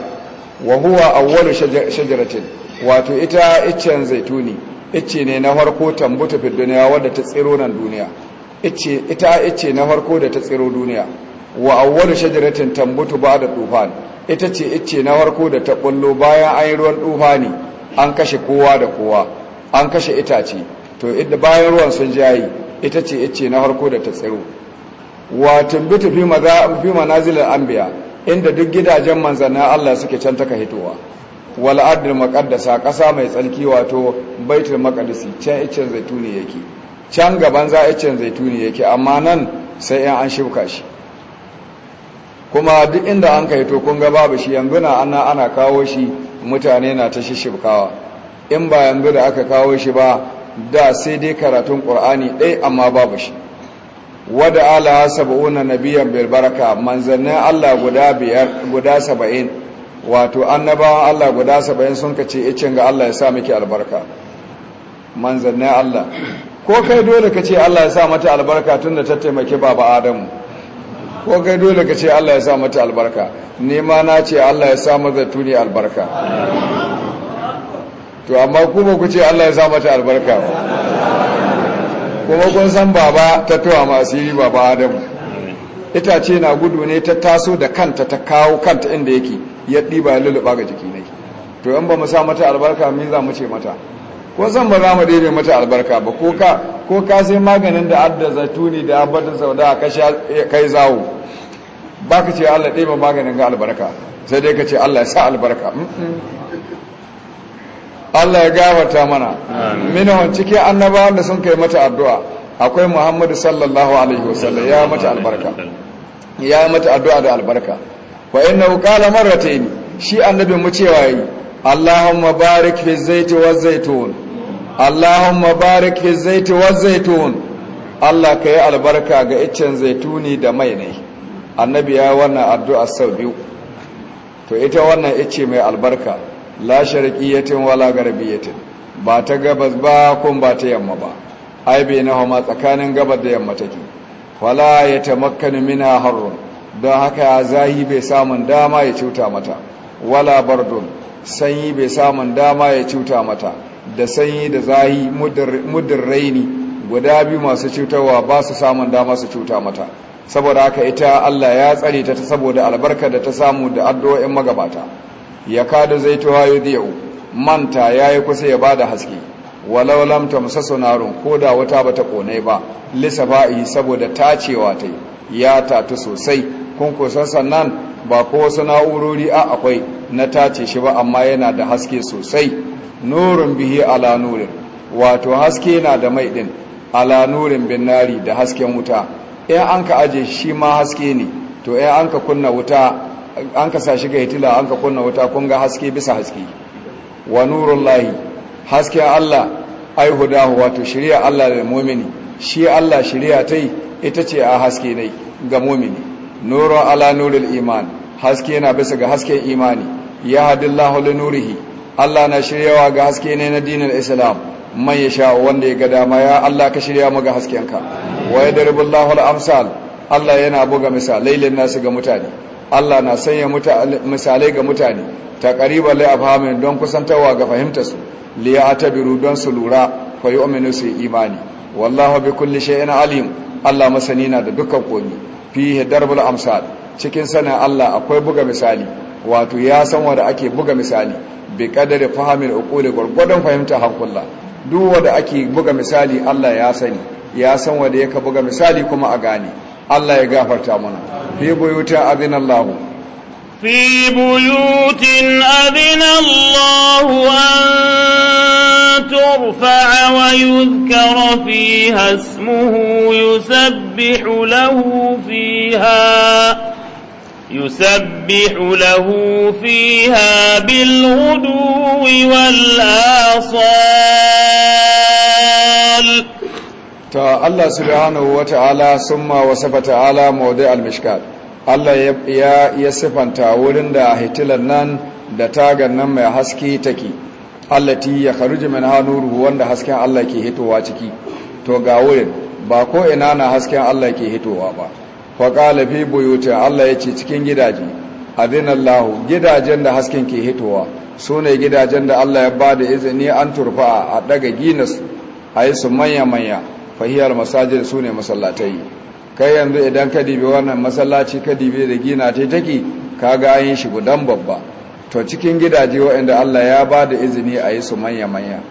wa huwa awwalu shajaratin wato ita iccen zaituni icce ne na farko tambuta fi duniya wadda ta tsiro nan duniya ita icce na farko da ta tsiro duniya wa awwalu shajaratin tambutu ba'da tufan ita ce icce na farko da ta bullo bayan an yi ruwan tufani an kashe kowa da kowa an kashe itace to idda bayan ruwan sun jayi ita ce icce na farko da ta tsiro wa tambutu fi maza fi manazilil anbiya inda duk gidajen manzanna Allah suke can taka hitowa wal ardil muqaddasa kasa mai tsarki wato baitul maqdisi can icen zaituni yake can gaban za icen zaituni yake amma nan sai an shibka shi kuma duk inda an kai to kun ga babu shi yanzu na ana ana kawo shi mutane na ta shishibkawa in ba yanzu da aka kawo shi ba da sai dai karatun qur'ani dai amma babu shi wada ala sab'una nabiyyan bil baraka manzannin Allah guda biyar guda 70 wato annabawan Allah guda 70 sun kace icin ga Allah ya sa miki albarka manzannin Allah ko kai dole kace Allah ya sa mata albarka tunda ta taimake baba Adamu ko kai dole ka ce Allah ya sa mata albarka nema na ce Allah ya sa mata tuni albarka to amma kuma ku ce Allah ya sa mata albarka kuma kun san baba ta towa masu yi baba Adamu itace na gudu ne ta taso da kanta ta kawo kanta inda yake ya ɗiba ya lulluɓa ga jiki ne to in ba mu sa mata albarka mi za mu ce mata ko san ba za mu daidai mata albarka ba ko ka ko ka sai maganin da adda ne da abadin sauda ka sha kai zawo ba ka ce Allah ɗaya maganin ga albarka sai dai ka ce Allah ya sa albarka Allah ya gawata mana minuwan cikin annaba wanda sun kai mata addu'a akwai Muhammadu sallallahu alaihi wasallam ya mata albarka ya mata addu'a da albarka wa innahu qala marratayn shi annabi mu cewa yi Allahumma barik fi zaiti wa zaitun Allahumma barik fi zaiti wa Allah ka yi albarka ga iccen zaituni da mai ne annabi ya wannan addu'a sau biyu to ita wannan icce mai albarka la sharqiyatin wala garbiyatin ba ta gabas ba kun ba ta yamma ba ai bainahuma tsakanin gabas da yamma take wala yatamakkanu mina harrun don haka zahi bai samun dama ya cuta mata wala bardun sanyi bai samun dama ya cuta mata da sanyi da zahi raini guda biyu masu cutarwa ba su samun dama su cuta mata saboda haka ita Allah ya tsare ta saboda albarka da ta samu da addu'o'in magabata ya kada ya yau manta ya yi kusa ya bada haske walau lam tamsasu narun koda wata bata kone ba lisafa'i saboda tacewa ta ya tatu sosai kun kusan sannan ba ko wasu na'urori a akwai na tace shi ba amma yana da haske sosai nurun bihi ala nurin wato haske na da mai din ala nurin bin nari da hasken wuta in an ka aje shi ma haske ne to in an ka kunna wuta an ka sa shi ga hitila an ka kunna wuta kun ga haske bisa haske wa nurun lahi haske Allah ai hudahu wato shari'a Allah da mu'mini shi Allah shari'a ta yi ita ce a haske ne ga mu'mini nurun ala nurin iman haske yana bisa ga hasken imani ya hadin lahulun nurihi Allah na shiryawa ga haske ne na dinin Islam man ya sha wanda ya ga dama ya Allah ka shirya mu ga haskenka wa yadribullahu al-amsal Allah yana buga misalai lin nasu ga mutane Allah na sanya misalai ga mutane ta qariba li afhamin don kusantawa ga fahimtar su li ya'tabiru don su lura fa yu'minu su imani wallahu bi kulli shay'in alim Allah masani na da dukkan komi fihi darbul amsal cikin sana Allah akwai buga misali wato ya san wanda ake buga misali bi kadari fahimin da gurgudan fahimta hankula duk wanda ake buga misali Allah ya sani ya san wanda yake buga misali kuma a gane Allah ya gafarta mana fi buyuta adinallahu fi buyutin adinallahu an turfa'a wa yuzkara fiha ismuhu yusabbihu lahu fiha يسبح له فيها بالغدو والآصال ta Allah subhanahu wa ta'ala summa wa safa ta'ala mawdi al-mishkat Allah ya siffanta sifanta wurin da hitilar nan da taga nan mai haske take allati ya kharuju min hanuruhu wanda hasken Allah ke hitowa ciki to ga wurin ba ko ina na hasken Allah ke hitowa ba faƙala fi buyuti Allah ya ce cikin gidaje Allah gidajen da hasken ke hitowa su ne gidajen da Allah ya bada izini an turfa a daga ginas a yi su manya-manya fahiyar masajin su ne masallatai kai yanzu idan ka dibi wannan masallaci ka dibi da gina ta take ka ga an yi shi gudan babba to cikin gidaje waɗanda Allah ya ba da izini a yi su manya-manya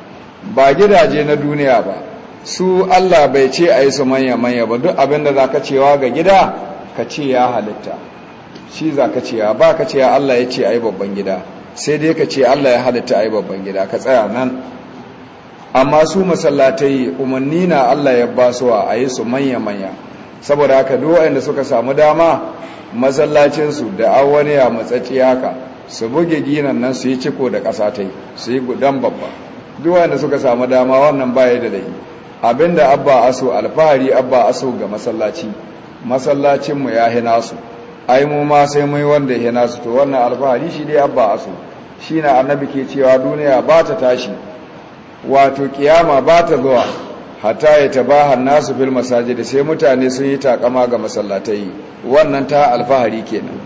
ba gidaje na duniya ba su Allah bai ce a yi su manya-manya ba duk abinda za ka cewa ga gida ka ce ya halitta shi za ka cewa ba ka ce Allah ya ce a yi babban gida sai dai ka ce Allah ya halitta a yi babban gida ka tsaya nan amma su masallatai umarni na Allah ya ba su a yi su manya-manya saboda haka duwa inda suka samu dama masallacinsu da an wani ya matsatsi haka su buge ginan nan su yi ciko da ƙasa ta yi su yi gudan babba duwa inda suka samu dama wannan baya da dai. abinda abba aso alfahari abba aso ga masallaci masallacinmu ya hina su ai mu ma sai mai wanda ya nasu to wannan alfahari shi dai abba aso shi na annabi ke cewa duniya ba ta tashi wato kiyama ba ta zuwa hatta ya tabahan nasu fil masajid sai mutane sun yi takama ga masallatai wannan ta alfahari kenan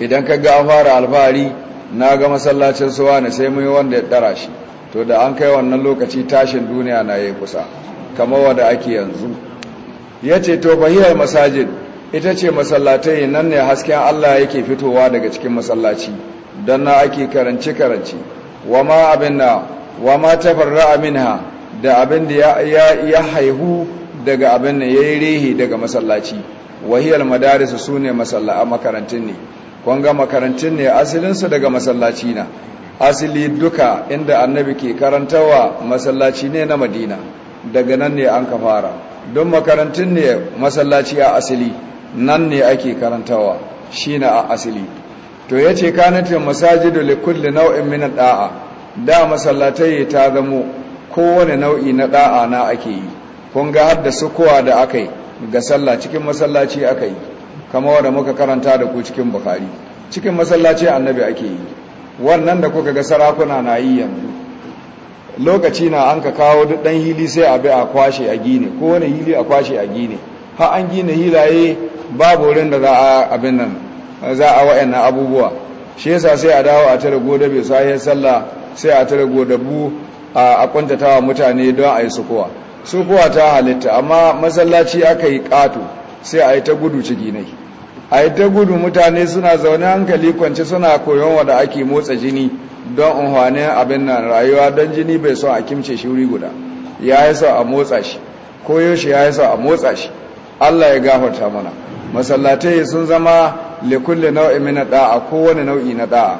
idan ka ga an fara alfahari na ga masallacin suwa ne sai mai wanda ya dara shi to da an kai wannan lokaci tashin duniya na yi kusa kamar wanda ake yanzu ya ce to bahiyar masajid ita ce masallatai nan ne hasken Allah yake fitowa daga cikin masallaci don na ake karanci-karanci wa ma abin na wa ma ha da abin da ya haihu daga abin da ya yi rehe daga masallaci wahiyar madarisa su ne makarantun ne kwanga makarantun ne asalinsu daga masallaci na asili duka inda annabi ke karantawa masallaci ne na madina daga nan ne an ka fara don makarantun ne masallaci a asili nan ne ake karantawa shi na a asili to ya ce kanatin masajidu likulli nau'in min da'a da masallatai ta zamo kowane nau'i na da'a na ake yi kun ga har da sukuwa da aka yi ga sallah cikin masallaci aka yi kama wanda muka karanta da ku cikin bukari cikin masallaci annabi ake yi wannan da kuka ga sarakuna na yi yanzu lokaci na an ka kawo duk ɗan hili sai a bi a kwashe a gine ko wani hili a kwashe a gine ha an gina hilaye babu wurin da za a abin nan za a wa'annan abubuwa shi yasa sai a dawo a tare goda bai sai sallah sai a tare goda bu a kwantatawa mutane don a yi sukuwa sukuwa ta halitta amma masallaci aka yi ƙato sai a yi ta gudu ciki ne a yi ta gudu mutane suna zaune hankali kwanci suna koyon wada ake motsa jini don unhwane abin nan rayuwa don jini bai so a kimce shi wuri guda ya yi so a motsa shi koyo shi ya yi so a motsa shi allah ya gafarta mana masallatai sun zama likulle nau'i min da'a kowane nau'i na da'a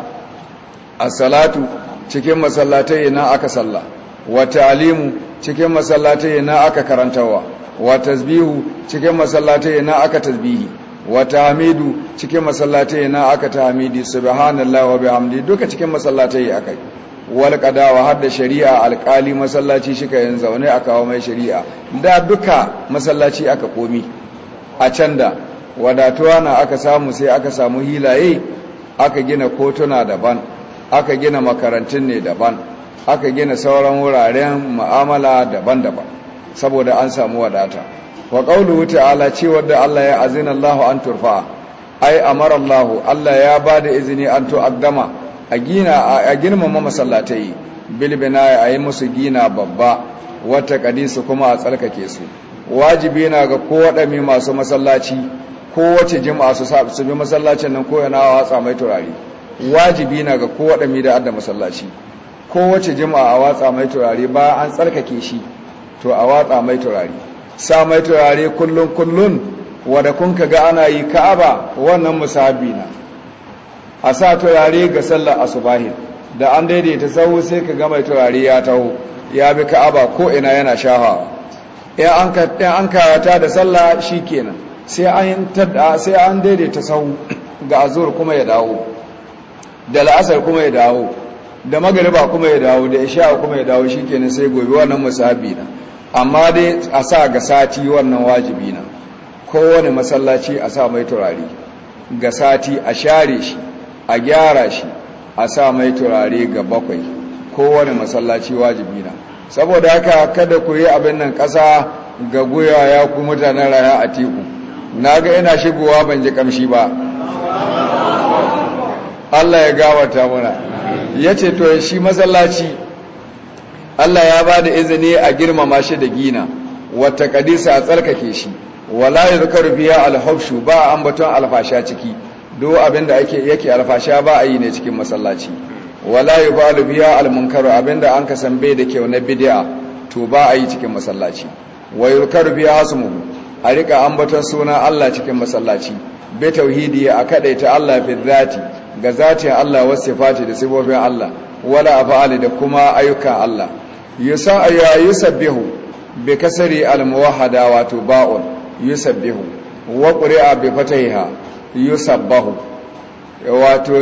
a salatu cikin masallatai na aka salla wa alimu cikin masallatai na aka karantawa wa tasbihu cikin masallatai na aka tasbihi wa tahmidu cikin masallatai na aka tahmidi subhanallahi wa bihamdi duka cikin masallatai akai wal qadawa har da shari'a alqali masallaci shika yin zaune a kawo mai shari'a da duka masallaci aka komi a can da wadatuwa na aka samu sai aka samu hilaye aka gina kotuna daban aka gina makarantun ne daban aka gina sauran wuraren mu'amala daban-daban saboda an samu wadata wa qawluhu ta'ala ce wanda Allah ya azina Allahu an turfa ai amara Allah Allah ya bada izini an to a gina a girmama masallatai bil a ayi musu gina babba wata kadisu kuma a tsarkake su wajibi na ga kowaɗami masu masallaci kowace jima'a su su bi masallacin nan ko yana watsa mai turare wajibi na ga kowaɗami da adda masallaci kowace jima'a a watsa mai turare ba an tsarkake shi to a watsa mai turare sa mai turare kullun kullun wadda kun ga ana yi ka'aba wannan musabi na a sa turare ga sallar asubahi da an daidaita sahu sai ka ga mai turare ya taho ya bi ka'aba ko ina yana shahawa ya an karata da sallah shi sai an sai an daidaita sahu ga azur kuma ya dawo da la'asar kuma ya dawo da magariba kuma ya dawo da isha kuma ya dawo shikenan sai gobe wannan musabi na amma dai a sa ga sati wannan wajibi na kowane masallaci a sa mai turare ga sati a share shi a gyara shi a sa mai turare ga bakwai kowane masallaci wajibi na saboda haka kada ku yi abin nan ƙasa ga goya ya ku mutanen raya a teku na ga ina shigowa ban ji kamshi ba Allah ya gawata muna ya ce to shi masallaci Allah ya ba da izini a girmama shi da gina wata kadisa a tsarkake shi wala ya zuka rufiya alhaushu ba a ambaton alfasha ciki do abin da yake alfasha ba a yi ne cikin masallaci wala ya ba rufiya almunkaru abin da an kasan bai da kyau na bidiya to ba a yi cikin masallaci wa ya ruka rufiya a rika ambaton suna Allah cikin masallaci bai tauhidi a kadaita Allah fi zati ga zatin Allah wasu da sifofin Allah wala fa'ali da kuma ayyukan Allah yasa ya yusabbihu bi kasri al muwahhada wato ba'un yusabbihu wa quri'a bi fathiha yusabbahu wato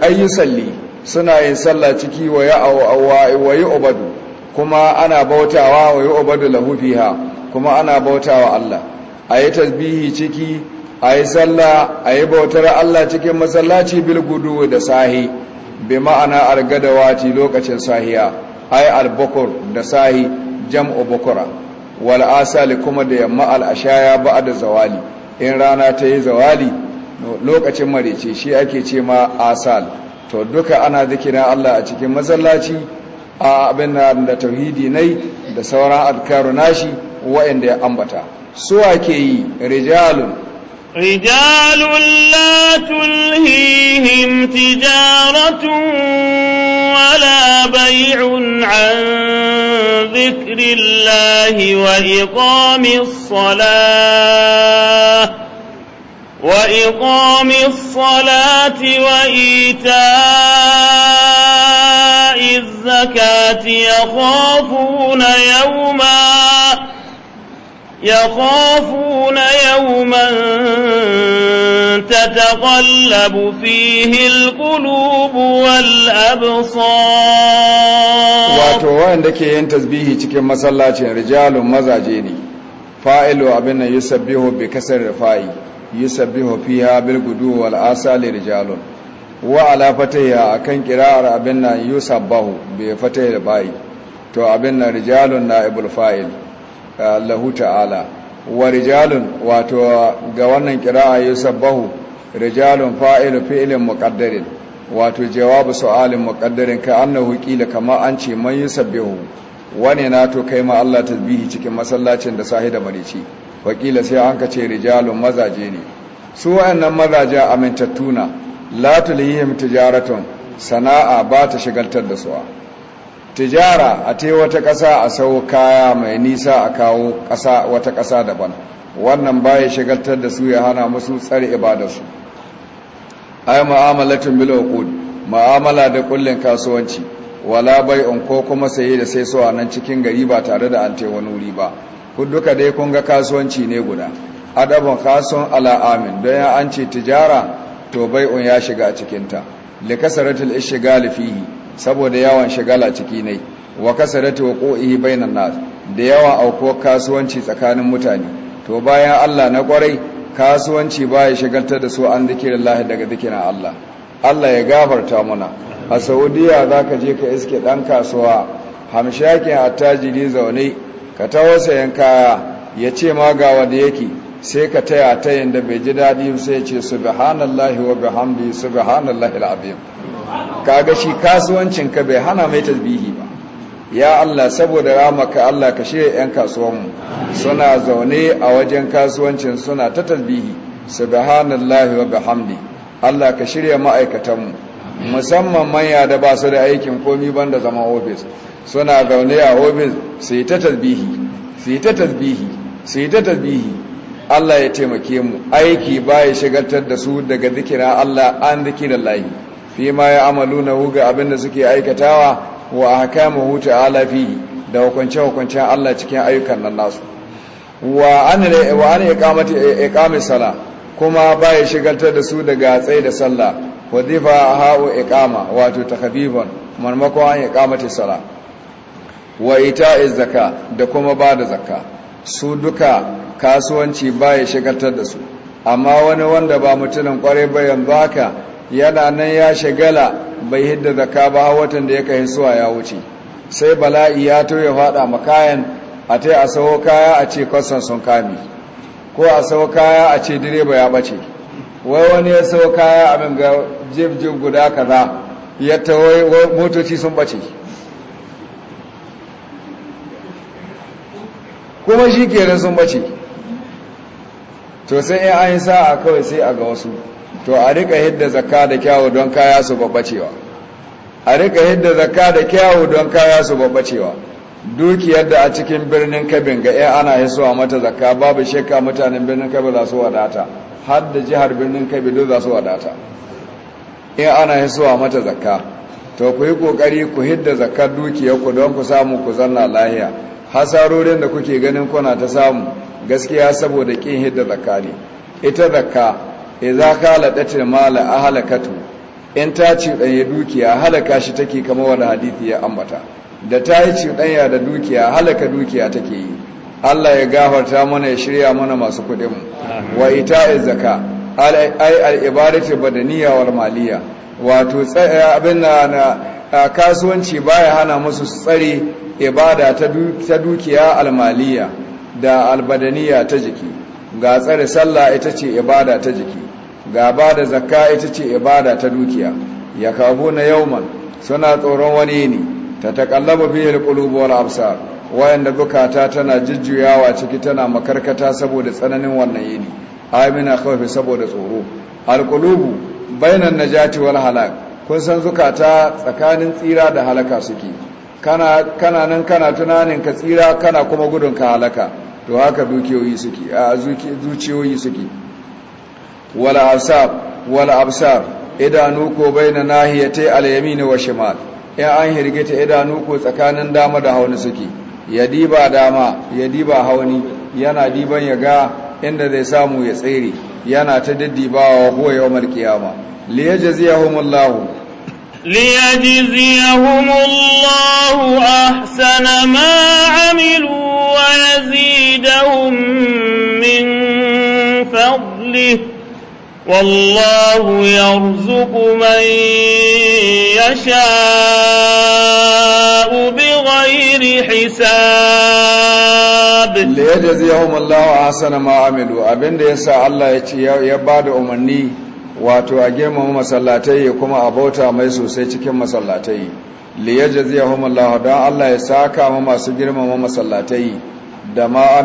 ayyusalli suna yin sallah ciki wa ya'awa ubadu kuma ana bautawa wa yu'badu lahu fiha kuma ana bautawa Allah ayi tasbihi ciki ayi sallah ayi bautar Allah cikin masallaci bil gudu da sahi bi ma'ana argadawaci lokacin sahiya ai al-bukur da sahi jam'u bukura wal asali kuma da yamma al-ashaya ba'da zawali in rana ta yi zawali lokacin marece shi ake ce ma asal to duka ana zikira Allah a cikin masallaci a abin da tauhidi nai da sauran adkaru nashi wa'anda ya ambata su ake yi rijalun rijalun la tulhihim tijaratun ولا بيع عن ذكر الله وإقام الصلاة وإقام الصلاة وإيتاء الزكاة يخافون يوماً يخافون يوما تتقلب فيه القلوب والأبصار wato wanda ke yin tasbihi cikin masallacin rijalun mazaje ne fa'ilu abin nan yusabbihu bi kasar rifa'i yusabbihu fiha bil gudu wal asali rijalun wa ala fataya akan kira'ar abin nan yusabbahu bi fataya rifa'i to abin nan rijalun naibul fa'il lahu ta'ala wa rijalun wato ga wannan kira'a Bahu. rijalun fa'ilu fi'lin muƙaddarin. wato jawabu su'alin muƙaddarin ka annahu ƙila kama an ce man Bahu. Wani na to kai ma Allah tasbihi cikin masallacin da sahi da marici wakila sai an ka ce rijalun mazaje ne su wayannan mazaje amintattuna la tulhihim tijaratun sana'a ba ta shigaltar da su’a. tijara a te wata ƙasa a sau kaya mai nisa a kawo wata ƙasa daban wannan baya shigaltar da su ya hana musu tsari ibadarsu ai mu'amalatun bilokud uqud mu'amala da kullin kasuwanci wala bai'un ko kuma saye da sai so a nan cikin gari ba tare da an te wani wuri ba ku duka dai kun ga kasuwanci ne guda adabun kasuwan ala'amin don ya an ce tijara to bai'un ya shiga a cikinta likasaratul ishgali fihi saboda yawan shigala ciki ne wa kasarati wuqu'i bainan nas da yawan aukuwar kasuwanci tsakanin mutane to bayan Allah na kwarai kasuwanci baya shigaltar da su an lahi daga zikirin Allah Allah ya gafarta muna a Saudiya ka je ka iske ɗan kasuwa hamshakin attajiri zaune ka tawo sayan kaya ya ce ma ga wanda yake sai ka taya ta yanda bai ji daɗi sai ce subhanallahi wa bihamdi subhanallahi alazim kaga shi kasuwancin ka bai hana mai tasbihi ba ya Allah saboda ramaka Allah ka shirya yan kasuwanmu suna zaune a wajen kasuwancin suna ta tasbihi subhanallahi wa bihamdi Allah ka shirya ma'aikatanmu musamman manya da ba su da aikin komi banda zama ofis suna zaune a ofis su yi ta tasbihi su yi ta tasbihi su yi ta tasbihi Allah ya taimake mu aiki baya shigartar da su daga zikira Allah an zikira lahi fi ma ya amalu na huga abinda suke aikatawa wa ahkamuhu ta'ala fi da hukunce hukunce Allah cikin ayyukan nan nasu wa an wa an iqamati sala kuma baya shigartar da su daga tsaye da sallah wadifa ha'u iqama wato takhdifan marmakon an iqamati sala wa ita'iz zakka da kuma ba da zakka su duka kasuwanci ba ya shigatar da su amma wani wanda ba mutumin kwarai bayan baka yana nan ya shagala bai hidda zaka ba watan da ya kai suwa ya wuce sai bala'i ya to ya fada makayan a tai a sawo kaya a ce kwasan sun kame ko a sawo kaya a ce direba ya bace wai wani ya sawo kaya abin ga jib guda kaza ya tawo motoci sun bace kuma shi kenan sun bace to sai in an sa'a kawai sai a ga wasu to a rika hidda zakka da kyawu don kaya su babbacewa a rika hidda zakka da kyawu don kaya su babbacewa dukiyar da a cikin birnin kabin ga ya ana yi suwa mata zakka babu shekka mutanen birnin kabin za su wadata har da jihar birnin kabin duk za su wadata in ana yi suwa mata zakka to ku yi kokari ku hidda zakkar dukiyar ku don ku samu ku zanna lahiya hasarorin da kuke ganin kuna ta samu gaskiya saboda ƙin hidda zakali ita zakka idza kala mala ahlakatu in ta ci ya dukiya halaka shi take kamar wani hadisi ya ambata da ta yi ci ya da dukiya halaka dukiya take yi Allah ya gafarta mana ya shirya mana masu kuɗin mu wa ita'iz zakka ai al-ibadatu badaniya wal maliya wato abin na kasuwanci baya hana musu tsare ibada ta dukiya almaliya da albadaniya ta jiki ga tsare sallah ita ce ibada ta jiki ga ba da zakka ita ce ibada ta dukiya ya kabo na yauman suna tsoron wani ne ta taƙallaba biyar ƙulubuwar wayan wayanda bukata tana jujjuyawa ciki tana makarkata saboda tsananin wannan yini amina kawai saboda tsoro alƙulubu bainan najati wal halak kun san zukata tsakanin tsira da halaka suke kana nan kana tunanin ka tsira kana kuma gudun ka halaka to haka dukiyoyi suke a zuciyoyi suke wala asab wala absar idanu ko baina nahiyati al-yamin wa shimal in an hirgita idanu ko tsakanin dama da hauni suke ya diba dama ya diba hauni yana diban ya ga inda zai samu ya tsere yana ta daddibawa ko yawmal qiyama yajziyahumullahu ليجزيهم الله أحسن ما عملوا ويزيدهم من فضله والله يرزق من يشاء بغير حساب ليجزيهم الله أحسن ما عملوا أبن يسأل الله يبعد أمني wato a girmama masallatai kuma a bauta mai sosai cikin masallatai homa Allah don Allah ya saka ma masu girmama masallatai da ma a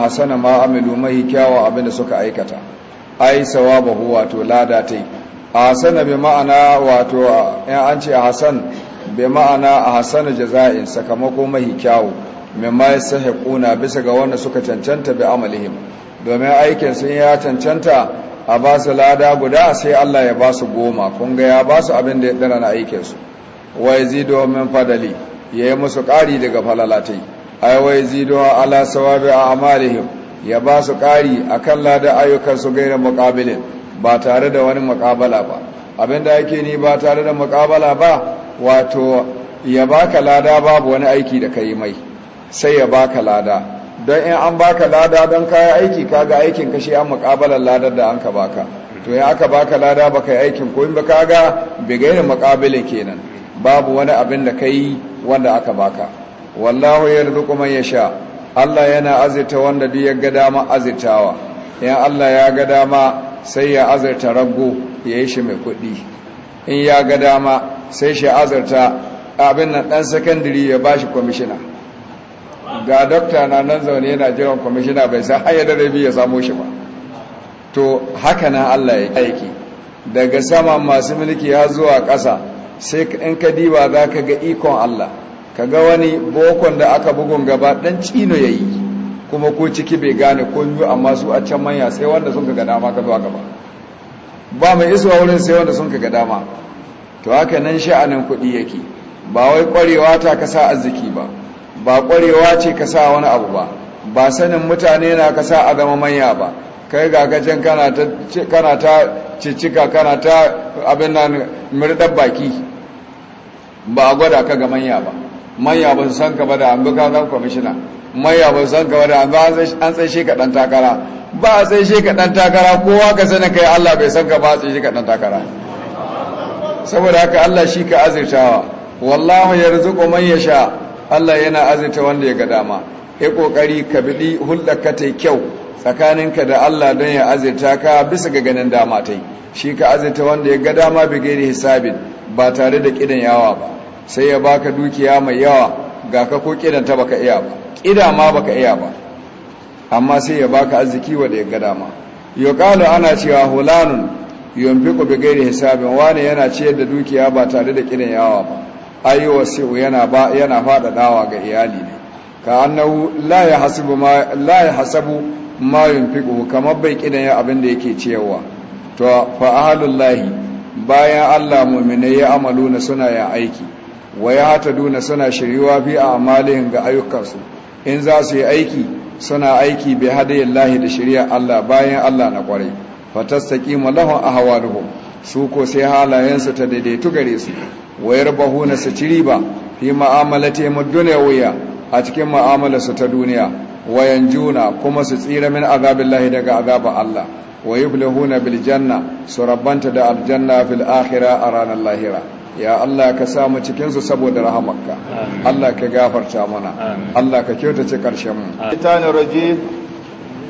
hasana ma mai kyawa abinda suka aikata ai sawabahu wato lada tai a hasana bi ma'ana wato in an ce a hasan bi ma'ana a hasana jaza'in sakamako mai kyawu mimma yasahiquna bisa ga wanda suka cancanta bi amalihim domin aikin sun ya cancanta a ba su lada guda sai Allah ya ba su goma kun ga ya ba su abin da ya dara na su wai zido min fadali ya yi musu ƙari daga falalatai ai wai zido ala sawabi a amalihim ya ba su ƙari a kan lada su gairin muƙabilin ba tare da wani muƙabala ba abin da yake ni ba tare da muƙabala ba wato ya baka lada babu wani aiki da ka yi mai sai ya baka lada don in an baka lada don kaya aiki kaga aikin ka an muƙabalar ladar da an ka baka to in aka baka lada baka yi aikin ko in ba kaga bai gaina kenan babu wani abin da ka yi wanda aka baka wallahu ya rizuku man yasha Allah yana azirta wanda duk ya ga dama azirtawa in Allah ya ga dama sai ya azirta rago ya yi shi mai kuɗi in ya ga dama sai shi azirta abin nan ɗan sakandiri ya ba shi kwamishina ga dokta na nan zaune yana jiran kwamishina bai san haya da rabi ya samo shi ba to haka na Allah ya aiki daga sama masu mulki ya zuwa ƙasa sai in ka diba za ka ga ikon Allah ka ga wani bokon da aka bugun gaba ɗan cino ya yi kuma ko ciki bai gane ko yi amma su a can manya sai wanda sun ka ga dama ka zuwa gaba ba mai isuwa wurin sai wanda sun ka ga dama to haka nan sha'anin kuɗi yake ba wai ƙwarewa ta kasa arziki ba ba ƙwarewa ce ka sa wani abu ba ba sanin mutane na ka sa a zama manya ba kai ga gajen kana ta cicika kana ta abin nan murdar baki ba a gwada ka ga manya ba manya ba su san ka ba da an ka zan kwamishina manya ba su san ka ba da an tsaye shi kaɗan takara ba a tsaye shi kaɗan takara kowa ka sani kai allah bai san ka ba a tsaye shi kaɗan takara saboda haka allah shi ka azirtawa wallahu ya rizuko man ya sha Allah yana azurta wanda ya ga dama ya kokari ka bidi hulɗa ka ta kyau tsakaninka da Allah don ya azita ka bisa ga ganin dama ta shi ka azurta wanda ya ga dama bigeri hisabin ba tare da kidan yawa ba sai ya baka dukiya mai yawa ga ka ko kidan ta baka iya ba kida ma baka iya ba amma sai ya baka arziki wanda ya ga dama yuqalu ana cewa hulanun yunfiqu bigeri hisabin wani yana ciyar da dukiya ba tare da kidan yawa ba ai wasi'u yana ba yana dawa ga iyali ne ka annahu la hasabu ma la hasabu ma yunfiqu kamar bai kidan abin da yake ciyawa to fa ahlullahi bayan Allah mu'minai ya amaluna suna ya aiki waya hata duna suna shiriwa fi amalihin ga ayyukansu in za su yi aiki suna aiki bi hadayillahi da shari'a Allah bayan Allah na kwarai fatastaqimu lahum ahwaluhum su ko sai halayensu ta daidaitu gare su wayar na su ciri ba fi yi duniya wuya a cikin ma'amalarsu ta duniya wayan juna kuma su tsira min azabin lahi daga azabar Allah wa bulahu na biljanna su rabanta da aljanna fil ahira a ranar lahira ya Allah ka samu cikinsu saboda rahamarka Allah ka gafarta mana Allah ka kyautace karshen mu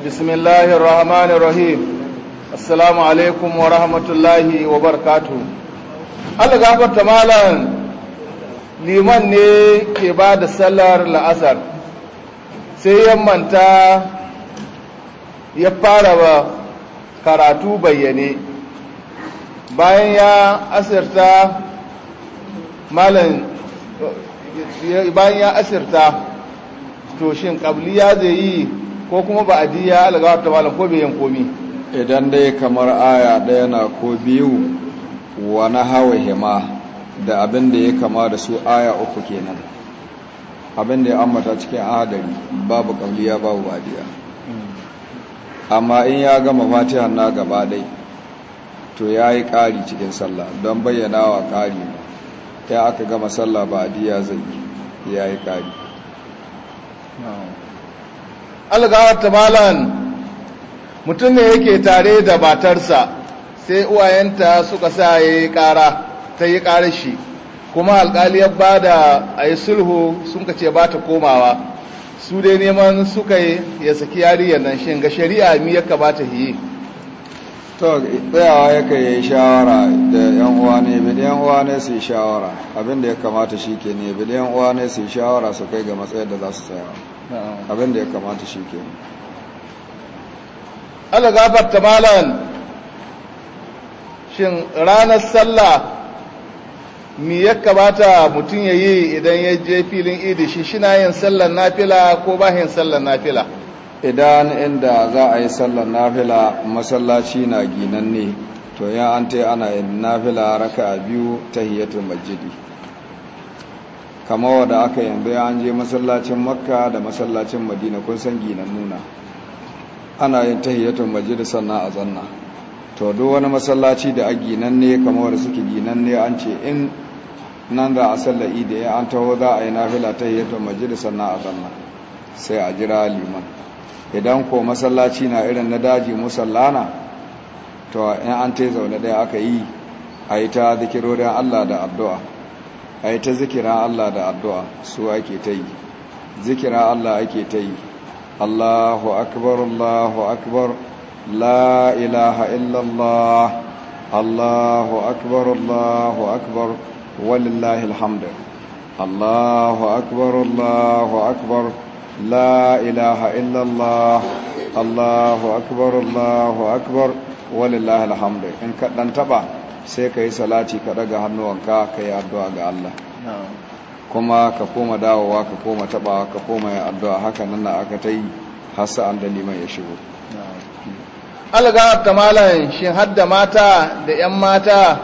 bismillahir rahmanir rahim assalamu alaikum wa rahmatullahi wa barakatu Allah gafarta malam liman ne ke ba da sallar la'asar sai ya manta ya fara ba karatu bayyane bayan ya asirta malam bayan ya asirta to kabliya zai yi ko kuma ba'adiyya algawar ta malam ko bai komi idan dai kamar aya ɗaya na ko biyu wa na hawa hima da abin da ya kama da su aya uku kenan abin da ya ambata cikin adari babu ƙabliya babu badiya amma in ya gama fatihar na gaba dai to ya yi ƙari cikin sallah don bayyana wa ƙari ya aka gama sallah ba adiya zai ya yi ƙari alga malan mutum ne yake tare da batarsa sai uwayenta suka sa ya yi kara ta yi kara shi kuma alƙali ya ba da a yi sulhu sun ka ce ba ta komawa su dai neman suka yi ya saki yariyar nan shin ga shari'a mi ya kamata yi to tsayawa ya kai yi shawara da yan uwa ne bin yan uwa ne su yi shawara abin da ya kamata shi ke ne bin yan uwa ne su yi shawara su kai ga matsayar da za su tsaya abin da ya kamata shi ke ne Allah gafarta malan shin ranar sallah me ya kamata mutum ya yi idan ya je filin idi shi shina yin sallar nafila ko ba yin sallar nafila idan inda za a yi sallar nafila masallaci na ginan ne to ya an ta ana yin nafila raka biyu ta hiyatul majidi kama wadda aka yanzu ya an je masallacin makka da masallacin madina kun san ginan nuna ana yin tahiyatul masjid sannan a zanna to duk wani masallaci da a ne kamar da suke ne an ce in nan da a sallar da ya an taho za a yi nafila tahiyatul masjid sannan a zanna sai a jira liman idan ko masallaci na irin na daji musallana to in an tai zaune daya aka yi a yi ta da Allah da addu'a a yi ta zikira Allah da addu'a su ake ta yi zikira Allah ake ta yi الله أكبر الله أكبر لا إله إلا الله الله أكبر الله أكبر ولله الحمد الله أكبر الله أكبر لا إله إلا الله الله أكبر الله أكبر ولله الحمد إن كنت تبع sai ka yi salati ka daga hannuwanka ka yi addu'a ga Allah. kuma ka koma dawowa ka koma tabawa ka koma ya addu'a haka nan na aka ta yi har sa'an da liman ya shigo alga ta malam shin hadda mata da yan mata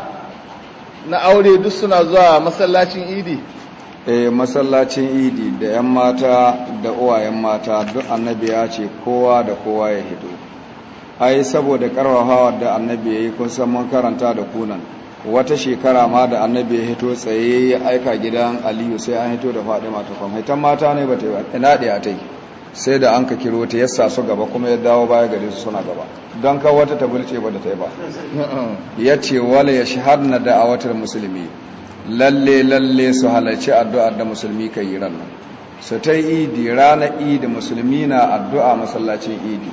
na aure duk suna zuwa masallacin idi eh masallacin idi da yan mata da uwayen mata duk annabi ya ce kowa da kowa ya hito ai saboda hawa da annabi ya yi kun san mun karanta da kunan wata shekara ma da annabi ya hito tsaye ya aika gidan aliyu sai an hito da faɗi mata kwan haitan mata ne ba ta yi ina ɗaya ta yi sai da an ka kiro ta yasa su gaba kuma ya dawo baya gare su suna gaba don kawo wata tabulce ba da ta yi ba <laughs> ya ce wala ya shahadna da a watar musulmi lalle lalle su halarci addu'ar da musulmi ka yi ran su ta idi Rana idi musulmi na addu'a masallacin idi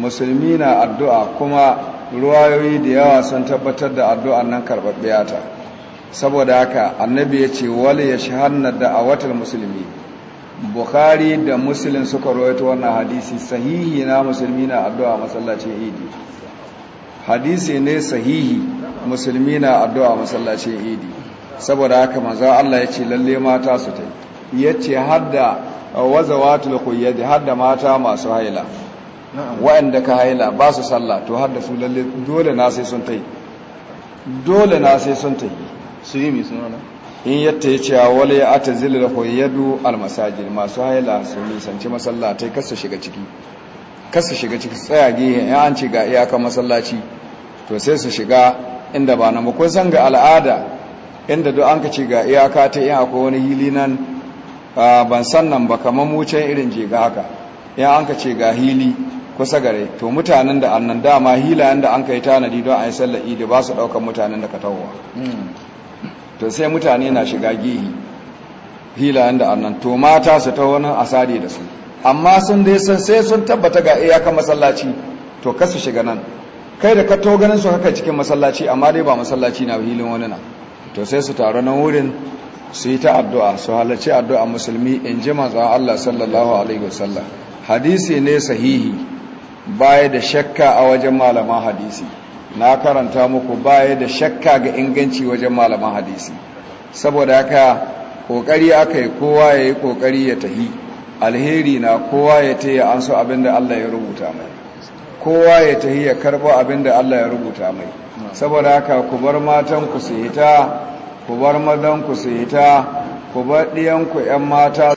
musulmi na addu'a kuma ruwayoyi da yawa sun tabbatar da addu'an nan karɓaɓɓiya ta saboda haka annabi ya ce wale ya shahanna da a watan musulmi bukhari da musulun suka rawaito wannan hadisi sahihi na musulmi na addu'a masallacin idi hadisi ne sahihi musulmi na addu'a masallacin idi saboda haka manzo Allah ya ce lalle mata su ta yi ya ce hadda wazawatul kuyyadi hadda mata masu haila wa'anda ka haila ba su sallah to har da su lalle dole na sai sun tai dole na sai sun tai su yi misu nuna in yadda ya cewa wale ya ata zilar hoyadu almasajir masu haila su nisanci masallatai kasu shiga ciki kasu shiga ciki tsaya gehen ya an ci ga iyaka masallaci to sai su shiga inda ba na makon san ga al'ada inda duk an ka ci ga iyaka ta iya akwai wani hili nan ban san nan ba kamar mucin irin je ga haka ya an ka ce ga hili kusa gare to mutanen da annan dama hilayen da an kai tanadi don a yi sallar da ba su ɗaukar mutanen da ka tawowa hmm. to sai mutane na shiga gihi hilayen da annan to mata su ta wani asari da su amma sun dai sun sai sun tabbata ga iyaka masallaci to ka su shiga nan kai da ka to ganin su haka cikin masallaci amma dai ba masallaci na hilin wani na to sai su taru nan wurin su yi ta addu'a su halarci addu'a musulmi in ji manzon Allah sallallahu alaihi wasallam hadisi ne sahihi baya da shakka a wajen malaman hadisi na karanta muku baya da shakka ga inganci wajen malaman hadisi saboda haka kokari aka yi kowa ya yi kokari ya tahi alheri na kowa ya ta yi an so abin da Allah ya rubuta mai kowa ya tahi ya karba abin da Allah ya rubuta mai saboda haka ku bar matan ku su hita ku bar madan ku su hita ku bar diyan ku 'yan mata